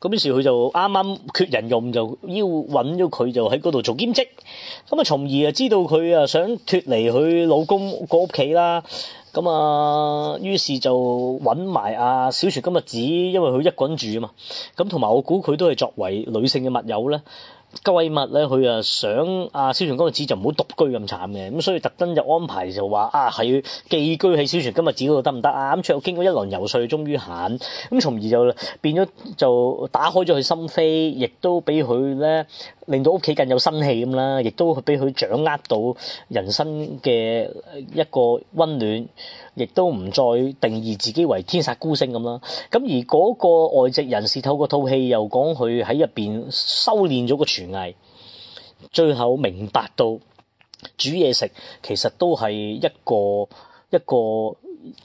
嗰陣時佢就啱啱缺人用，就要揾咗佢就喺嗰度做兼職，咁啊從而啊知道佢啊想脫離佢老公個屋企啦，咁啊於是就揾埋阿小泉今日子，因為佢一個人住啊嘛，咁同埋我估佢都係作為女性嘅密友咧。閨蜜咧，佢啊想阿小泉今日子就唔好獨居咁慘嘅，咁所以特登就安排就話啊，係寄居喺小泉今日子嗰度得唔得啊？咁最後經過一輪遊說，終於行咁從而就變咗就打開咗佢心扉，亦都俾佢咧。令到屋企更有新氣咁啦，亦都俾佢掌握到人生嘅一個溫暖，亦都唔再定義自己為天煞孤星咁啦。咁而嗰個外籍人士透過套戲又講佢喺入邊修煉咗個廚藝，最後明白到煮嘢食其實都係一個一個。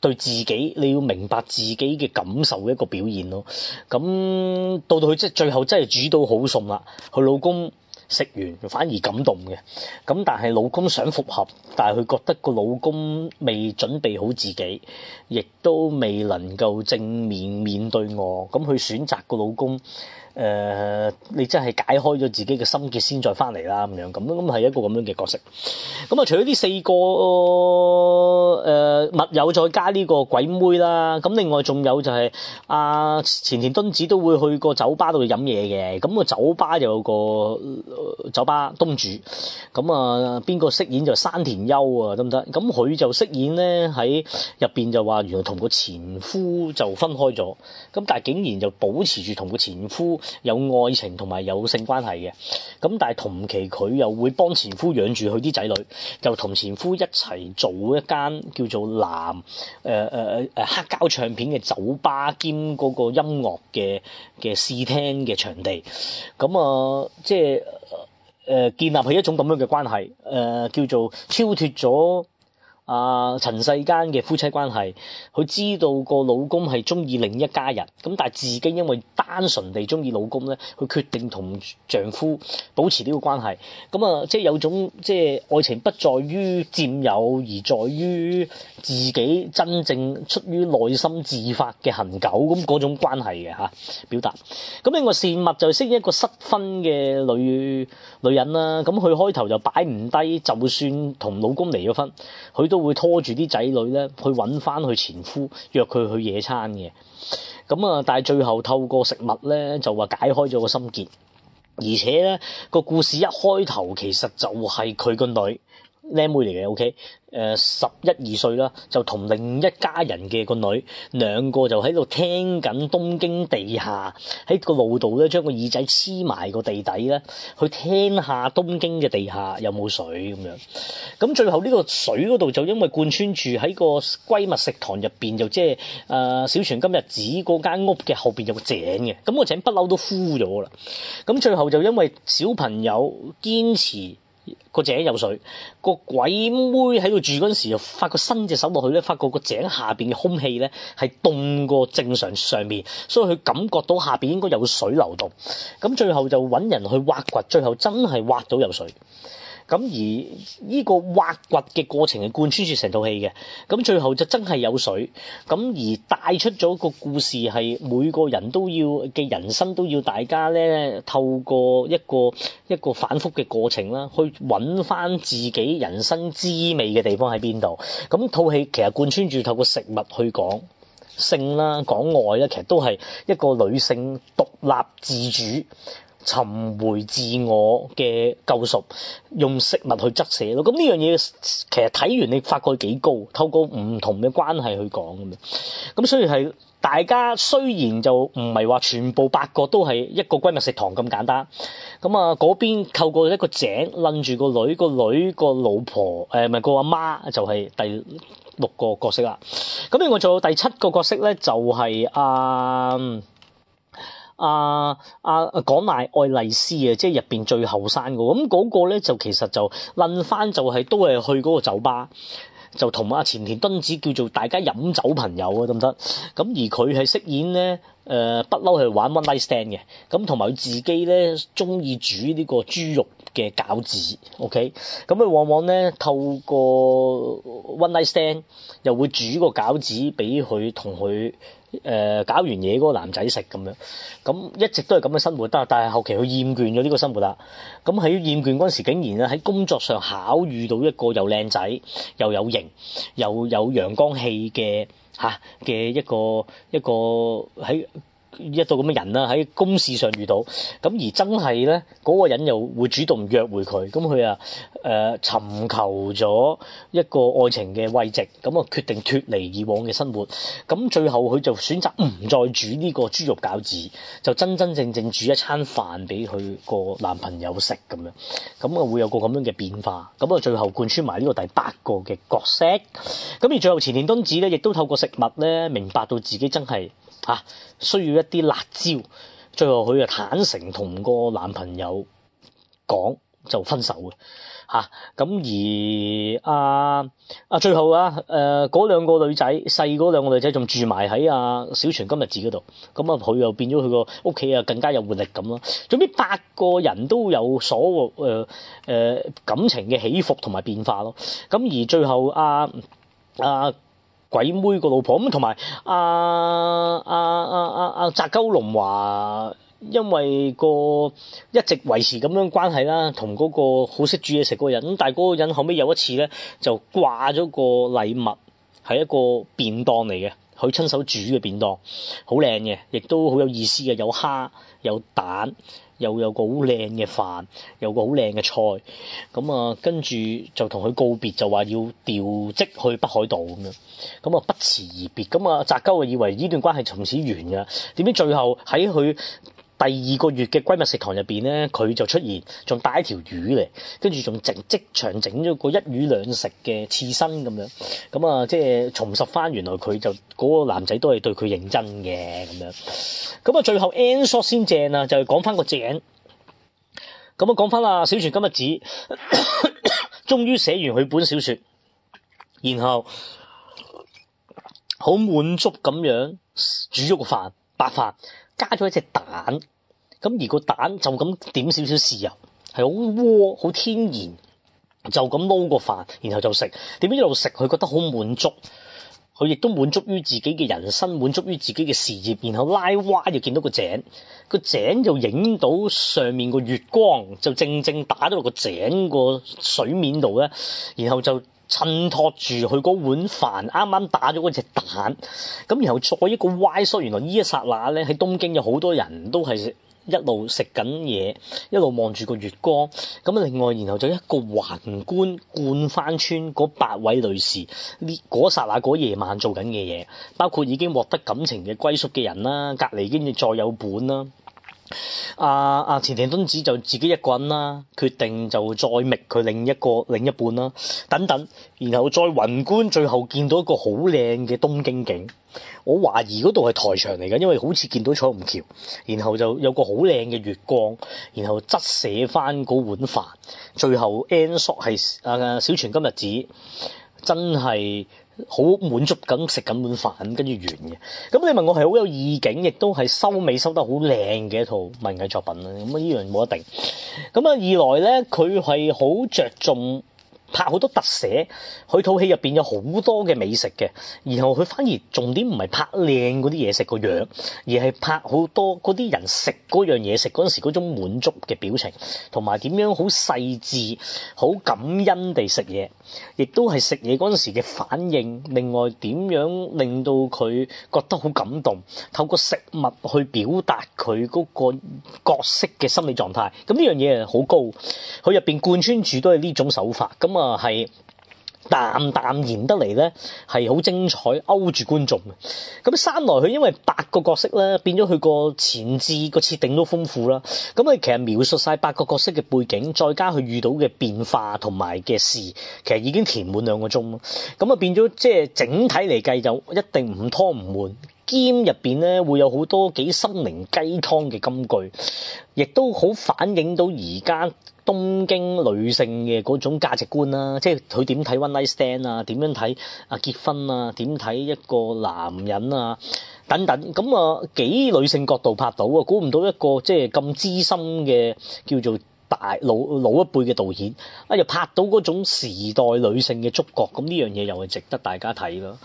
對自己，你要明白自己嘅感受嘅一個表現咯。咁到到佢即係最後真係煮到好餸啦，佢老公食完反而感動嘅。咁但係老公想復合，但係佢覺得個老公未準備好自己，亦都未能夠正面面對我，咁去選擇個老公。誒、呃，你真係解開咗自己嘅心結先再翻嚟啦，咁樣咁咁係一個咁樣嘅角色。咁、嗯、啊，除咗呢四個誒密友，呃、再加呢個鬼妹啦。咁另外仲有就係、是、阿、啊、前田敦子都會去個酒吧度飲嘢嘅。咁、嗯、啊，酒吧就有個、呃、酒吧東主。咁、嗯、啊，邊、呃、個飾演就山田優啊，得唔得？咁、嗯、佢就飾演咧喺入邊就話原來同個前夫就分開咗。咁但係竟然就保持住同個前夫。有愛情同埋有性關係嘅，咁但係同期佢又會幫前夫養住佢啲仔女，就同前夫一齊做一間叫做藍誒誒誒誒黑膠唱片嘅酒吧兼嗰個音樂嘅嘅試聽嘅場地，咁、嗯、啊、呃、即係誒、呃、建立起一種咁樣嘅關係，誒、呃、叫做超脫咗。啊，塵、呃、世間嘅夫妻關係，佢知道個老公係中意另一家人，咁但係自己因為單純地中意老公咧，佢決定同丈夫保持呢個關係，咁、嗯、啊，即係有種即係愛情不在於佔有，而在於自己真正出於內心自發嘅恒久咁種關係嘅吓表達。咁另外善物就係識一個失婚嘅女女人啦，咁、啊、佢開頭就擺唔低，就算同老公離咗婚，佢都。都會拖住啲仔女咧去揾翻佢前夫，約佢去野餐嘅。咁啊，但係最後透過食物咧就話解開咗個心結，而且咧個故事一開頭其實就係佢個女。僆妹嚟嘅，OK，誒十一二歲啦，就同另一家人嘅個女兩個就喺度聽緊東京地下喺個路度咧，將個耳仔黐埋個地底咧，去聽下東京嘅地下有冇水咁樣。咁最後呢個水嗰度就因為貫穿住喺個閨密食堂入邊，就即係誒小泉今日子嗰間屋嘅後邊有個井嘅，咁個井不嬲都枯咗啦。咁最後就因為小朋友堅持。個井有水，個鬼妹喺度住嗰陣時，又發覺伸隻手落去咧，發覺個井下邊嘅空氣咧係凍過正常上面，所以佢感覺到下邊應該有水流動。咁最後就揾人去挖掘，最後真係挖到有水。咁而呢個挖掘嘅過程係貫穿住成套戲嘅，咁最後就真係有水，咁而帶出咗個故事係每個人都要嘅人生都要大家咧透過一個一個反覆嘅過程啦，去揾返自己人生滋味嘅地方喺邊度。咁套戲其實貫穿住透過食物去講性啦，講愛啦，其實都係一個女性獨立自主。尋回自我嘅救贖，用食物去側寫咯。咁呢樣嘢其實睇完你發覺佢幾高，透過唔同嘅關係去講咁樣。咁所以係大家雖然就唔係話全部八個都係一個閨密食堂咁簡單。咁啊嗰邊透過一個井擸住個女，個女個老婆誒，唔、呃、係個阿媽就係第六個角色啦。咁另外做到第七個角色咧就係、是、啊。呃啊，阿、啊、講埋愛麗絲啊，即係入邊最後生嘅喎。咁嗰個咧就其實就論翻就係都係去嗰個酒吧，就同阿前田敦子叫做大家飲酒朋友啊，得唔得？咁而佢係飾演咧，誒不嬲係玩 one night stand 嘅。咁同埋佢自己咧中意煮呢個豬肉嘅餃子，OK？咁佢往往咧透過 one night stand 又會煮個餃子俾佢同佢。誒、嗯、搞完嘢嗰個男仔食咁樣，咁一直都係咁嘅生活，但係但係後期佢厭倦咗呢個生活啦，咁喺厭倦嗰陣時，竟然啊喺工作上巧遇到一個又靚仔又有型又有陽光氣嘅吓嘅一個一個。喺。一到咁嘅人啦，喺公事上遇到，咁而真係咧，嗰個人又會主動約會佢，咁佢啊，誒、呃、尋求咗一個愛情嘅慰藉，咁啊決定脫離以往嘅生活，咁最後佢就選擇唔再煮呢個豬肉餃子，就真真正正煮一餐飯俾佢個男朋友食咁樣，咁啊會有個咁樣嘅變化，咁啊最後貫穿埋呢個第八個嘅角色，咁而最後前田敦子咧，亦都透過食物咧明白到自己真係。嚇、啊，需要一啲辣椒。最後佢啊坦誠同個男朋友講就分手嘅嚇。咁、啊、而阿阿、啊、最後啊，誒、啊、嗰兩個女仔細嗰兩個女仔仲住埋喺阿小泉今日子嗰度。咁啊，佢又變咗佢個屋企啊，更加有活力咁咯。總之八個人都有所誒誒、啊啊、感情嘅起伏同埋變化咯。咁、啊、而最後阿、啊、阿。啊鬼妹個老婆咁同埋阿阿阿阿阿扎鳩龍話，因為個一直維持咁樣關係啦，同嗰個好識煮嘢食嗰個人，但係嗰個人後尾有一次咧，就掛咗個禮物，係一個便當嚟嘅。佢親手煮嘅便當，好靚嘅，亦都好有意思嘅，有蝦，有蛋，又有個好靚嘅飯，有個好靚嘅菜，咁啊，跟住就同佢告別，就話要調職去北海道咁樣，啊，咁啊不辭而別，咁啊澤鈎啊以為呢段關係從此完㗎，點知最後喺佢。第二個月嘅閨密食堂入邊咧，佢就出現，仲帶一條魚嚟，跟住仲直即場整咗個一魚兩食嘅刺身咁樣，咁啊即係重拾翻原來佢就嗰個男仔都係對佢認真嘅咁樣，咁啊最後 Ansho 先正啊，就係講翻個正，咁啊講翻啦，便 Zone，便小泉今日子，ME, appeal, 終於寫完佢本小説，然後好滿足咁樣煮咗個飯白飯。加咗一隻蛋，咁而個蛋就咁點少少豉油，係好窩好天然，就咁撈個飯，然後就食。點樣一路食佢覺得好滿足，佢亦都滿足於自己嘅人生，滿足於自己嘅事業。然後拉蛙又見到個井，個井就影到上面個月光，就正正打咗落個井個水面度咧，然後就。襯托住佢嗰碗飯，啱啱打咗嗰隻蛋，咁然後再一個歪縮，原來一剎，呢一剎那咧，喺東京有好多人都係一路食緊嘢，一路望住個月光，咁，另外然後就一個環觀貫翻村嗰八位女士呢，嗰剎那嗰夜晚做緊嘅嘢，包括已經獲得感情嘅歸宿嘅人啦，隔離已經再有伴啦。阿阿田田敦子就自己一個人啦，決定就再覓佢另一個另一半啦，等等，然後再宏觀，最後見到一個好靚嘅東京景。我懷疑嗰度係台場嚟嘅，因為好似見到彩虹橋，然後就有個好靚嘅月光，然後側寫翻嗰碗飯，最後 end shot 係阿阿小泉今日子。真係好滿足咁食緊碗飯，跟住完嘅。咁你問我係好有意境，亦都係收尾收得好靚嘅一套文藝作品啦。咁啊，依樣冇一定。咁啊，二來咧，佢係好着重。拍好多特寫，佢套戲入邊，有好多嘅美食嘅，然後佢反而重點唔係拍靚啲嘢食個樣，而係拍好多啲人食樣嘢食陣時種滿足嘅表情，同埋點樣好細緻好感恩地食嘢，亦都係食嘢陣時嘅反應，另外點樣令到佢覺得好感動，透過食物去表達佢個角色嘅心理狀態。咁呢樣嘢好高，佢入邊貫穿住都係呢種手法。咁啊，係淡淡然得嚟咧，係好精彩，勾住觀眾嘅。咁三來佢因為八個角色咧，變咗佢個前置個設定都豐富啦。咁啊，其實描述晒八個角色嘅背景，再加佢遇到嘅變化同埋嘅事，其實已經填滿兩個鐘咯。咁啊，變咗即係整體嚟計就一定唔拖唔悶，兼入面咧會有好多幾心靈雞湯嘅金句，亦都好反映到而家。東京女性嘅嗰種價值觀啦，即係佢點睇 one night stand 啊，點樣睇啊結婚啊，點睇一個男人啊等等，咁啊幾女性角度拍到啊，估唔到一個即係咁資深嘅叫做。大老老一輩嘅導演，啊又拍到嗰種時代女性嘅觸覺，咁呢樣嘢又係值得大家睇咯。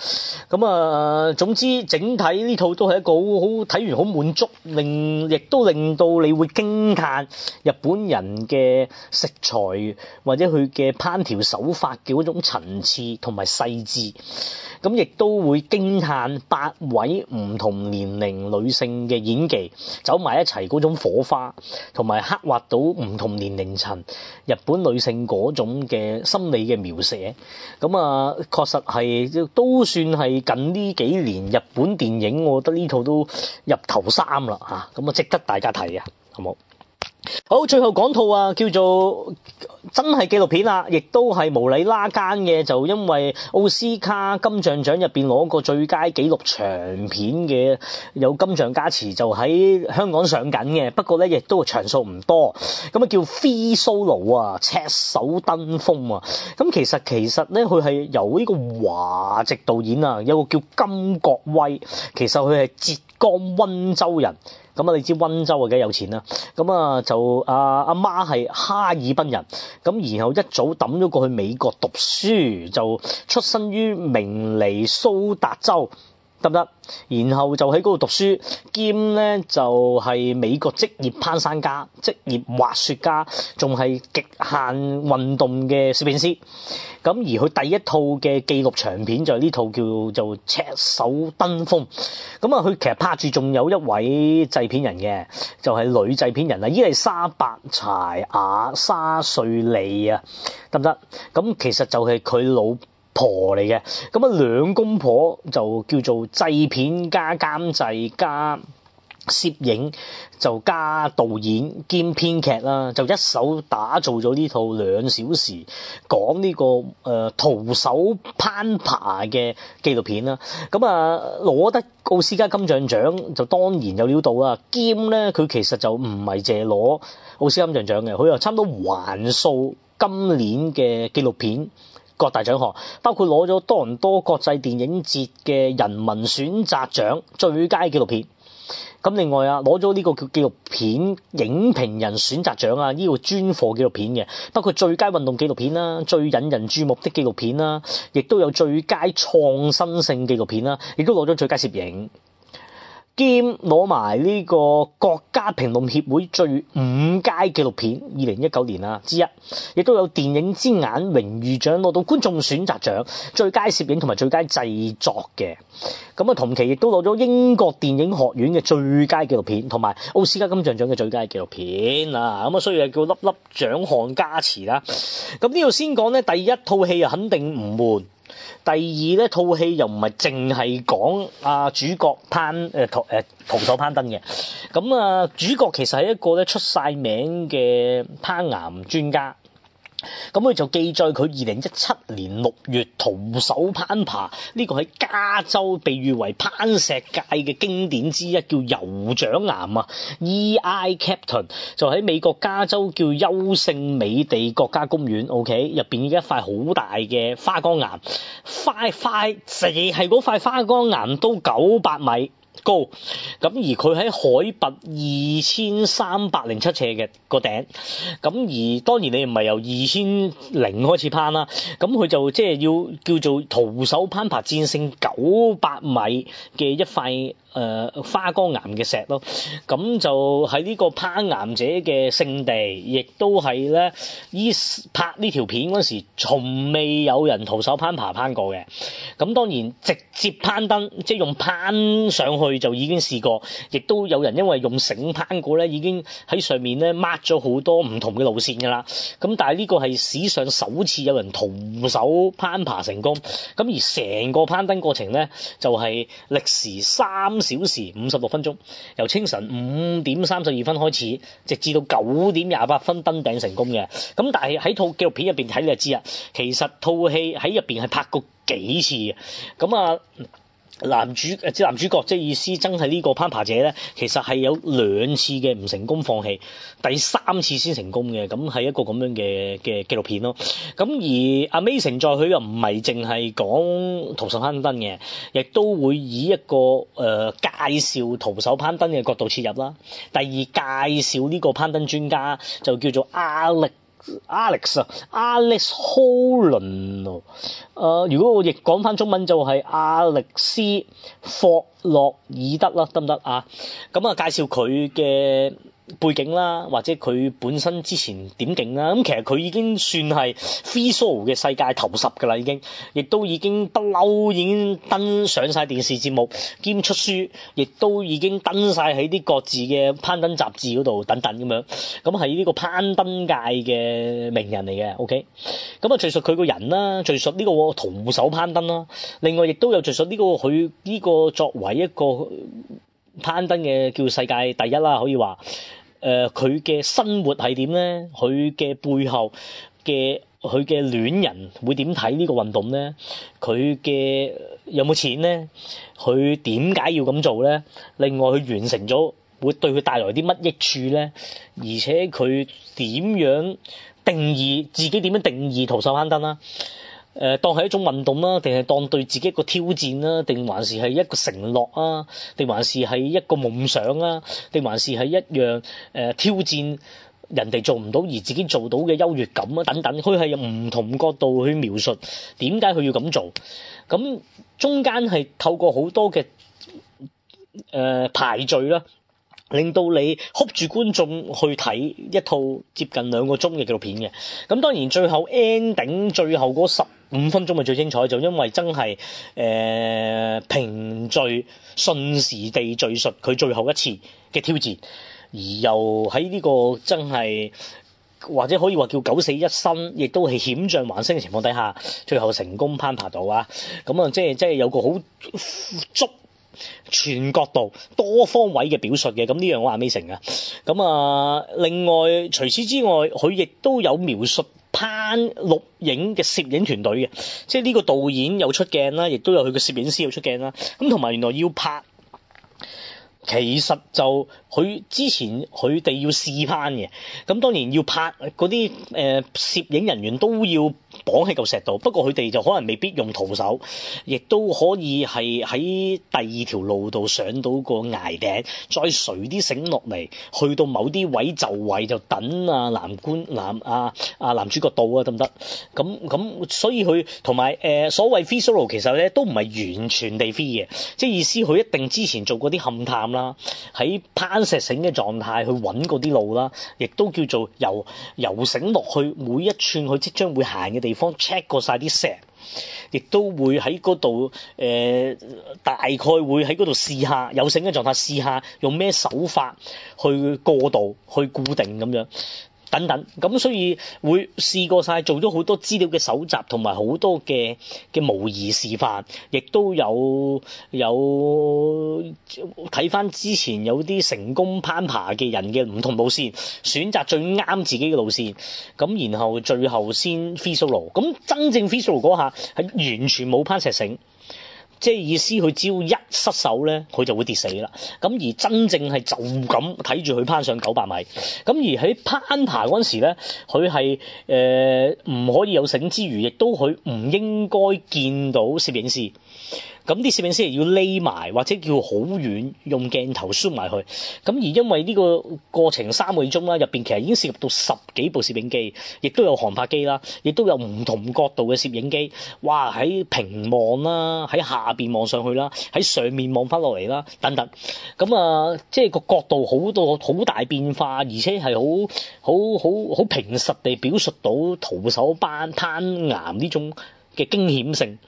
咁、嗯、啊，總之整體呢套都係一個好好睇，完好滿足，令亦都令到你會驚歎日本人嘅食材或者佢嘅烹調手法嘅嗰種層次同埋細緻。咁亦都會驚歎八位唔同年齡女性嘅演技，走埋一齊嗰種火花，同埋刻畫到唔同年齡層日本女性嗰種嘅心理嘅描寫。咁、嗯、啊，確實係都算係近呢幾年日本電影，我覺得呢套都入頭三啦嚇，咁啊值得大家睇啊，好冇？好，最後講套啊，叫做真係紀錄片啊，亦都係無理拉奸嘅，就因為奧斯卡金像獎入邊攞個最佳紀錄長片嘅，有金像加持，就喺香港上緊嘅。不過咧，亦都場數唔多，咁啊叫《Free Solo》啊，《赤手登峰》啊。咁其實其實咧，佢係由呢個華籍導演啊，有個叫金國威，其實佢係浙江溫州人。咁啊，你知温州啊幾有錢啦？咁啊就阿阿媽係哈爾濱人，咁然後一早抌咗過去美國讀書，就出身於明尼蘇達州。得唔得？然後就喺嗰度讀書，兼咧就係、是、美國職業攀山家、職業滑雪家，仲係極限運動嘅攝影師。咁而佢第一套嘅紀錄長片就係呢套叫做《赤手登峰》。咁、嗯、啊，佢其實拍住仲有一位製片人嘅，就係、是、女製片人啊，依係沙伯柴雅沙瑞利啊，得唔得？咁其實就係佢老婆嚟嘅，咁啊兩公婆就叫做製片加監製加攝影，就加導演兼編劇啦，就一手打造咗呢套兩小時講呢個誒徒手攀爬嘅紀錄片啦。咁啊攞得奧斯卡金像獎就當然有料到啦。兼咧佢其實就唔係淨係攞奧斯金像獎嘅，佢又差唔多橫掃今年嘅紀錄片各大獎項，包括攞咗多倫多國際電影節嘅人民選擇獎最佳紀錄片，咁另外啊，攞咗呢個叫紀錄片影評人選擇獎啊，呢個專貨紀錄片嘅，包括最佳運動紀錄片啦、最引人注目的紀錄片啦，亦都有最佳創新性紀錄片啦，亦都攞咗最佳攝影。兼攞埋呢個國家評論協會最五佳紀錄片二零一九年啊之一，亦都有電影之眼榮譽獎攞到觀眾選擇獎、最佳攝影同埋最佳製作嘅。咁啊同期亦都攞咗英國電影學院嘅最佳紀錄片同埋奧斯卡金像獎嘅最佳紀錄片啊，咁啊所以係叫粒粒獎項加持啦。咁呢度先講咧，第一套戲啊肯定唔換。第二呢套戲又唔係淨係講啊主角攀誒、呃、同誒徒手攀登嘅，咁啊主角其實係一個咧出晒名嘅攀岩專家。咁佢就記載佢二零一七年六月徒手攀爬呢、這個喺加州被譽為攀石界嘅經典之一，叫酋長岩啊。Ei Captain 就喺美國加州叫優勝美地國家公園，OK 入邊嘅一塊好大嘅花崗岩，快快淨係嗰塊花崗岩都九百米高，咁而佢喺海拔二千三百零七尺嘅個頂，咁而當然你唔係由二千零開始攀啦，咁佢就即係要叫做徒手攀爬，戰勝九百米嘅一塊。誒、呃、花崗岩嘅石咯，咁就喺呢個攀岩者嘅聖地，亦都係咧依拍呢條片嗰時，從未有人徒手攀爬攀過嘅。咁當然直接攀登，即係用攀上去就已經試過，亦都有人因為用繩攀過咧，已經喺上面咧 mark 咗好多唔同嘅路線㗎啦。咁但係呢個係史上首次有人徒手攀爬成功。咁而成個攀登過程咧，就係、是、歷時三小時五十六分鐘，由清晨五點三十二分開始，直至到九點廿八分登頂成功嘅。咁但係喺套紀錄片入邊睇你就知啊，其實套戲喺入邊係拍過幾次嘅。咁啊。男主，即男主角，即係意思，真係呢個攀爬者咧，其實係有兩次嘅唔成功放棄，第三次先成功嘅，咁係一個咁樣嘅嘅紀錄片咯。咁而阿 Amazing 在佢又唔係淨係講徒手攀登嘅，亦都會以一個誒、呃、介紹徒手攀登嘅角度切入啦。第二介紹呢個攀登專家就叫做阿力。Alex，Alex 啊 Alex Holland，l 誒、呃，如果我亦講翻中文就係亞歷斯霍洛爾德啦，得唔得啊？咁啊，介紹佢嘅。背景啦，或者佢本身之前點勁啦，咁其實佢已經算係 free solo 嘅世界頭十噶啦，已經，亦都已經不嬲，已經登上晒電視節目，兼出書，亦都已經登晒喺啲各自嘅攀登雜誌嗰度等等咁樣，咁係呢個攀登界嘅名人嚟嘅，OK，咁啊，著實佢個人啦，著實呢個徒手攀登啦，另外亦都有著實呢個佢呢個作為一個攀登嘅叫世界第一啦，可以話。誒佢嘅生活係點咧？佢嘅背後嘅佢嘅戀人會點睇呢個運動咧？佢嘅有冇錢咧？佢點解要咁做咧？另外佢完成咗會對佢帶來啲乜益處咧？而且佢點樣定義自己，點樣定義徒手攀登啦？誒當係一種運動啦，定係當對自己一個挑戰啦，定還是係一個承諾啊，定還是係一個夢想啊，定還是係一樣誒挑戰人哋做唔到而自己做到嘅優越感啊等等，佢係用唔同角度去描述點解佢要咁做。咁中間係透過好多嘅誒、呃、排序啦，令到你 hold 住觀眾去睇一套接近兩個鐘嘅紀錄片嘅。咁當然最後 ending 最後嗰十。五分鐘咪最精彩，就因為真係誒平敘順時地敘述佢最後一次嘅挑戰，而又喺呢個真係或者可以話叫九死一生，亦都係險象環生嘅情況底下，最後成功攀爬到啊！咁啊，即係即係有個好足全角度多方位嘅表述嘅，咁呢樣我係 Amazing。咁啊，另外除此之外，佢亦都有描述。拍錄影嘅攝影團隊嘅，即係呢個導演有出鏡啦，亦都有佢嘅攝影師有出鏡啦。咁同埋原來要拍，其實就佢之前佢哋要試攀嘅。咁當然要拍嗰啲誒攝影人員都要。綁喺嚿石度，不過佢哋就可能未必用徒手，亦都可以係喺第二條路度上，上到個崖頂，再垂啲繩落嚟，去到某啲位，位就位就等啊男官男啊啊男主角到啊得唔得？咁咁、嗯嗯、所以佢同埋誒所謂 free solo 其實咧都唔係完全地 free 嘅，即係意思佢一定之前做過啲勘探啦，喺攀石繩嘅狀態去揾啲路啦，亦都叫做由由繩落去每一寸佢即將會行嘅地。地方 check 過晒啲石，亦都會喺嗰度，誒、呃、大概會喺嗰度試下有繩嘅狀態，試下用咩手法去過渡去固定咁樣。等等，咁所以會試過晒，做咗好多資料嘅搜集，同埋好多嘅嘅模擬示範，亦都有有睇翻之前有啲成功攀爬嘅人嘅唔同路線，選擇最啱自己嘅路線，咁然後最後先 free solo，咁真正 free solo 嗰下係完全冇攀石繩。即係意思，佢只要一失手咧，佢就會跌死啦。咁而真正係就咁睇住佢攀上九百米，咁而喺攀爬嗰時咧，佢係誒唔可以有繩之餘，亦都佢唔應該見到攝影師。咁啲攝影師係要匿埋，或者叫好遠，用鏡頭縮埋去。咁而因為呢個過程三個鐘啦，入邊其實已經涉及到十幾部攝影機，亦都有航拍機啦，亦都有唔同角度嘅攝影機。哇！喺平望啦，喺下邊望上去啦，喺上面望翻落嚟啦，等等。咁、嗯、啊，即係個角度好多好大變化，而且係好好好好平實地表述到徒手班攀岩呢種嘅驚險性。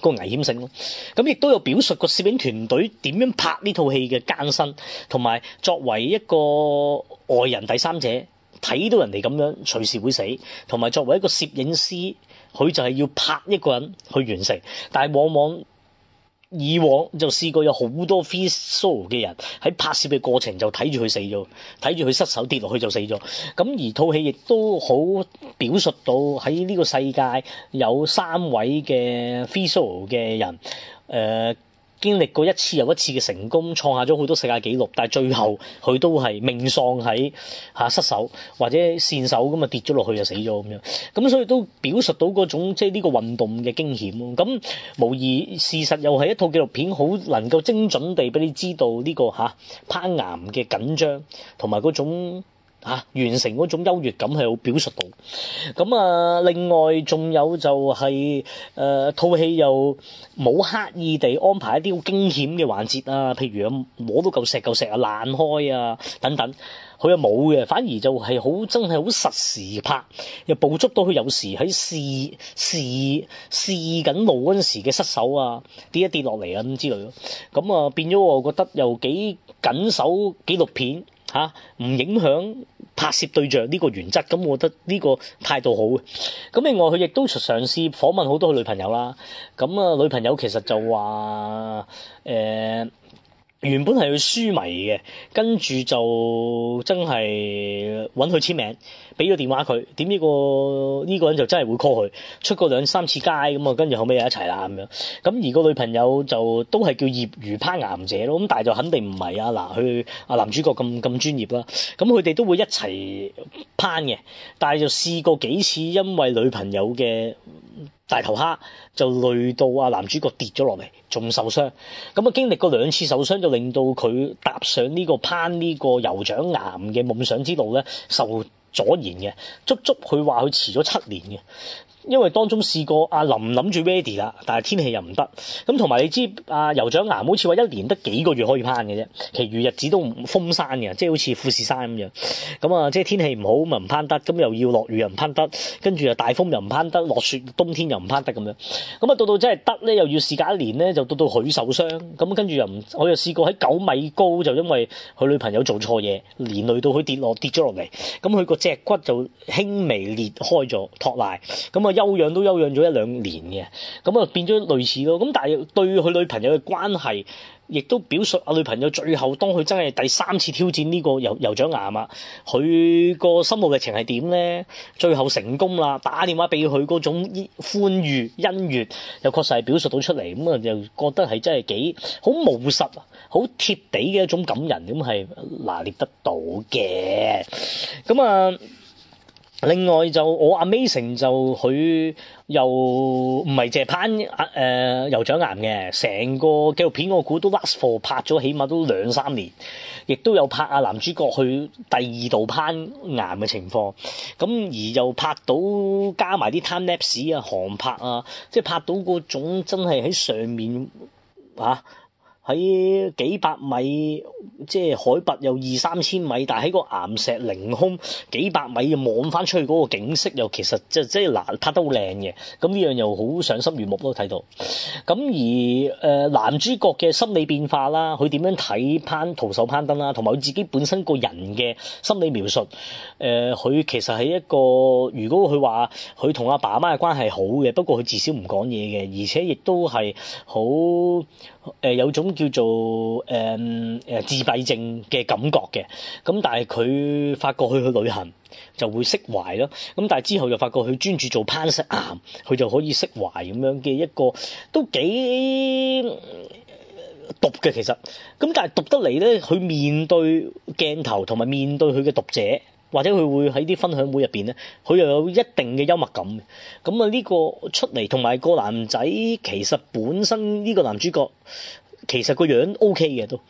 個危險性咯，咁亦都有表述過攝影團隊點樣拍呢套戲嘅艱辛，同埋作為一個外人第三者睇到人哋咁樣隨時會死，同埋作為一個攝影師，佢就係要拍一個人去完成，但係往往。以往就試過有好多 free solo 嘅人喺拍攝嘅過程就睇住佢死咗，睇住佢失手跌落去就死咗。咁而套戲亦都好表述到喺呢個世界有三位嘅 free solo 嘅人，誒、呃。經歷過一次又一次嘅成功，創下咗好多世界紀錄，但係最後佢都係命喪喺嚇失手或者線手咁啊，跌咗落去就死咗咁樣，咁所以都表述到嗰種即係呢個運動嘅驚險咯。咁無疑事實又係一套紀錄片好能夠精準地俾你知道呢、呢個嚇、啊、攀岩嘅緊張同埋嗰種。嚇、啊、完成嗰種優越感係好表述到，咁、嗯、啊，另外仲有就係誒套戲又冇刻意地安排一啲好驚險嘅環節啊，譬如摸到嚿石嚿石啊爛開啊等等，佢又冇嘅，反而就係好真係好實時拍，又捕捉到佢有時喺試試試緊路嗰陣時嘅失手啊跌一跌落嚟啊咁之類咯，咁、嗯、啊變咗我覺得又幾緊守紀錄片。吓，唔、啊、影響拍攝對象呢個原則。咁我覺得呢個態度好，咁另外佢亦都嘗試訪問好多女朋友啦。咁啊，女朋友其實就話：誒、欸。原本係要書迷嘅，跟住就真係揾佢簽名，俾咗電話佢。點知呢個呢個人就真係會 call 佢，出過兩三次街咁啊，跟住後尾又一齊啦咁樣。咁而個女朋友就都係叫業餘攀岩者咯，咁但係就肯定唔係啊嗱，佢啊男主角咁咁專業啦。咁佢哋都會一齊攀嘅，但係就試過幾次，因為女朋友嘅。大頭蝦就累到啊男主角跌咗落嚟，仲受傷。咁啊，經歷過兩次受傷，就令到佢踏上呢個攀呢個酋長岩嘅夢想之路咧，受阻延嘅，足足佢話佢遲咗七年嘅。因為當中試過阿林諗住 ready 啦，但係天氣又唔得。咁同埋你知啊酋長岩好似話一年得幾個月可以攀嘅啫，其餘日子都唔封山嘅，即、就、係、是、好似富士山咁樣。咁、嗯、啊，即係天氣唔好咪唔攀得，咁又要落雨又唔攀得，跟住又大風又唔攀得，落雪冬天又唔攀得咁樣。咁、嗯、啊，到到真係得咧，又要試隔一年咧，就到到佢受傷。咁跟住又唔，我又試過喺九米高就因為佢女朋友做錯嘢，連累到佢跌落跌咗落嚟，咁佢個脊骨就輕微裂開咗，托賴。咁、嗯、啊～、嗯休養都休養咗一兩年嘅，咁啊變咗類似咯。咁但係對佢女朋友嘅關係，亦都表述阿女朋友最後當佢真係第三次挑戰呢個酋長岩啊，佢個心路歷程係點咧？最後成功啦，打電話俾佢嗰種歡愉欣悅，又確實係表述到出嚟。咁啊，又覺得係真係幾好務實，好貼地嘅一種感人咁係拿捏得到嘅。咁啊～另外就我阿 Mason 就佢又唔係淨係攀啊誒酋長岩嘅，成個紀錄片我估都 last for 拍咗起碼都兩三年，亦都有拍啊男主角去第二度攀岩嘅情況，咁而又拍到加埋啲 time lapse 啊航拍啊，即係拍到嗰種真係喺上面吓。啊喺幾百米，即係海拔有二三千米，但係喺個岩石凌空幾百米望翻出去嗰個景色又其實即即係嗱拍得好靚嘅，咁呢樣又好賞心悅目都睇到咁而誒男主角嘅心理變化啦，佢點樣睇攀徒手攀登啦，同埋佢自己本身個人嘅心理描述誒，佢、呃、其實係一個如果佢話佢同阿爸阿媽嘅關係好嘅，不過佢至少唔講嘢嘅，而且亦都係好。誒有種叫做誒誒、嗯、自閉症嘅感覺嘅，咁但係佢發覺佢去旅行就會釋懷咯，咁但係之後又發覺佢專注做攀石岩，佢就可以釋懷咁樣嘅一個都幾毒嘅其實，咁但係毒得嚟咧，佢面對鏡頭同埋面對佢嘅毒者。或者佢會喺啲分享會入邊咧，佢又有一定嘅幽默感。咁啊，呢個出嚟同埋個男仔其實本身呢個男主角其實個樣 OK 嘅都，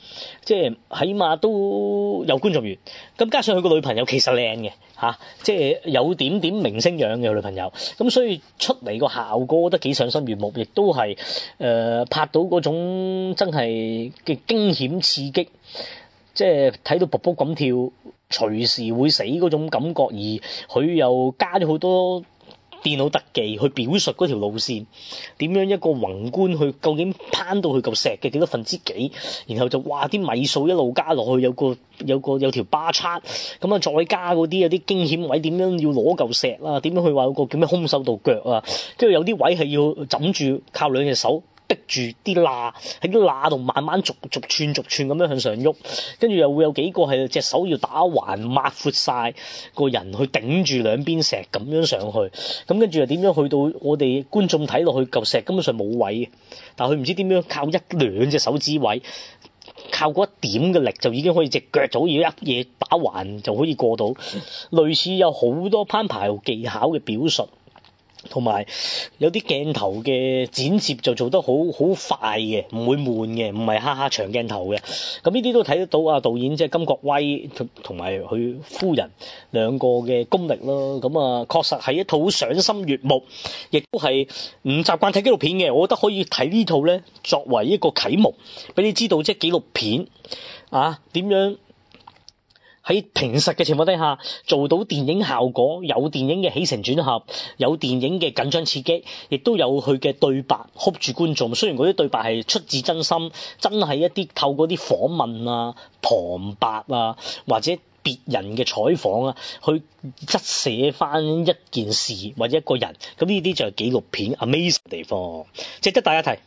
即係起碼都有觀眾緣。咁加上佢個女朋友其實靚嘅嚇，即係有點點明星樣嘅女朋友。咁所以出嚟個效果，都覺得幾賞心悅目，亦都係誒拍到嗰種真係嘅驚險刺激，即係睇到卜卜咁跳。隨時會死嗰種感覺，而佢又加咗好多電腦特技去表述嗰條路線點樣一個宏觀去究竟攀到去嚿石嘅幾多分之幾，然後就話啲米數一路加落去，有個有個，有個，有條巴叉。咁啊，再加嗰啲有啲驚險位點樣要攞嚿石啦，點樣去話有個叫咩空手道腳啊，跟住有啲位係要枕住靠兩隻手。逼住啲罅，喺啲罅度慢慢逐逐串逐串咁樣向上喐，跟住又會有幾個係隻手要打橫抹闊晒，個人去頂住兩邊石咁樣上去，咁跟住又點樣去到我哋觀眾睇落去嚿石根本上冇位，但佢唔知點樣靠一兩隻手指位，靠嗰一點嘅力就已經可以隻腳就好似一嘢打橫就可以過到，類似有好多攀爬技巧嘅表述。同埋有啲鏡頭嘅剪接就做得好好快嘅，唔會悶嘅，唔係下下長鏡頭嘅。咁呢啲都睇得到啊！導演即係金國威同同埋佢夫人兩個嘅功力咯。咁啊，確實係一套賞心悅目，亦都係唔習慣睇紀錄片嘅，我覺得可以睇呢套咧，作為一個啟蒙，俾你知道即係紀錄片啊點樣。喺平實嘅情況底下做到電影效果，有電影嘅起承轉合，有電影嘅緊張刺激，亦都有佢嘅對白，hold 住觀眾。雖然嗰啲對白係出自真心，真係一啲透過啲訪問啊、旁白啊或者別人嘅採訪啊，去側寫翻一件事或者一個人。咁呢啲就係紀錄片 amazing 地方，值得大家睇。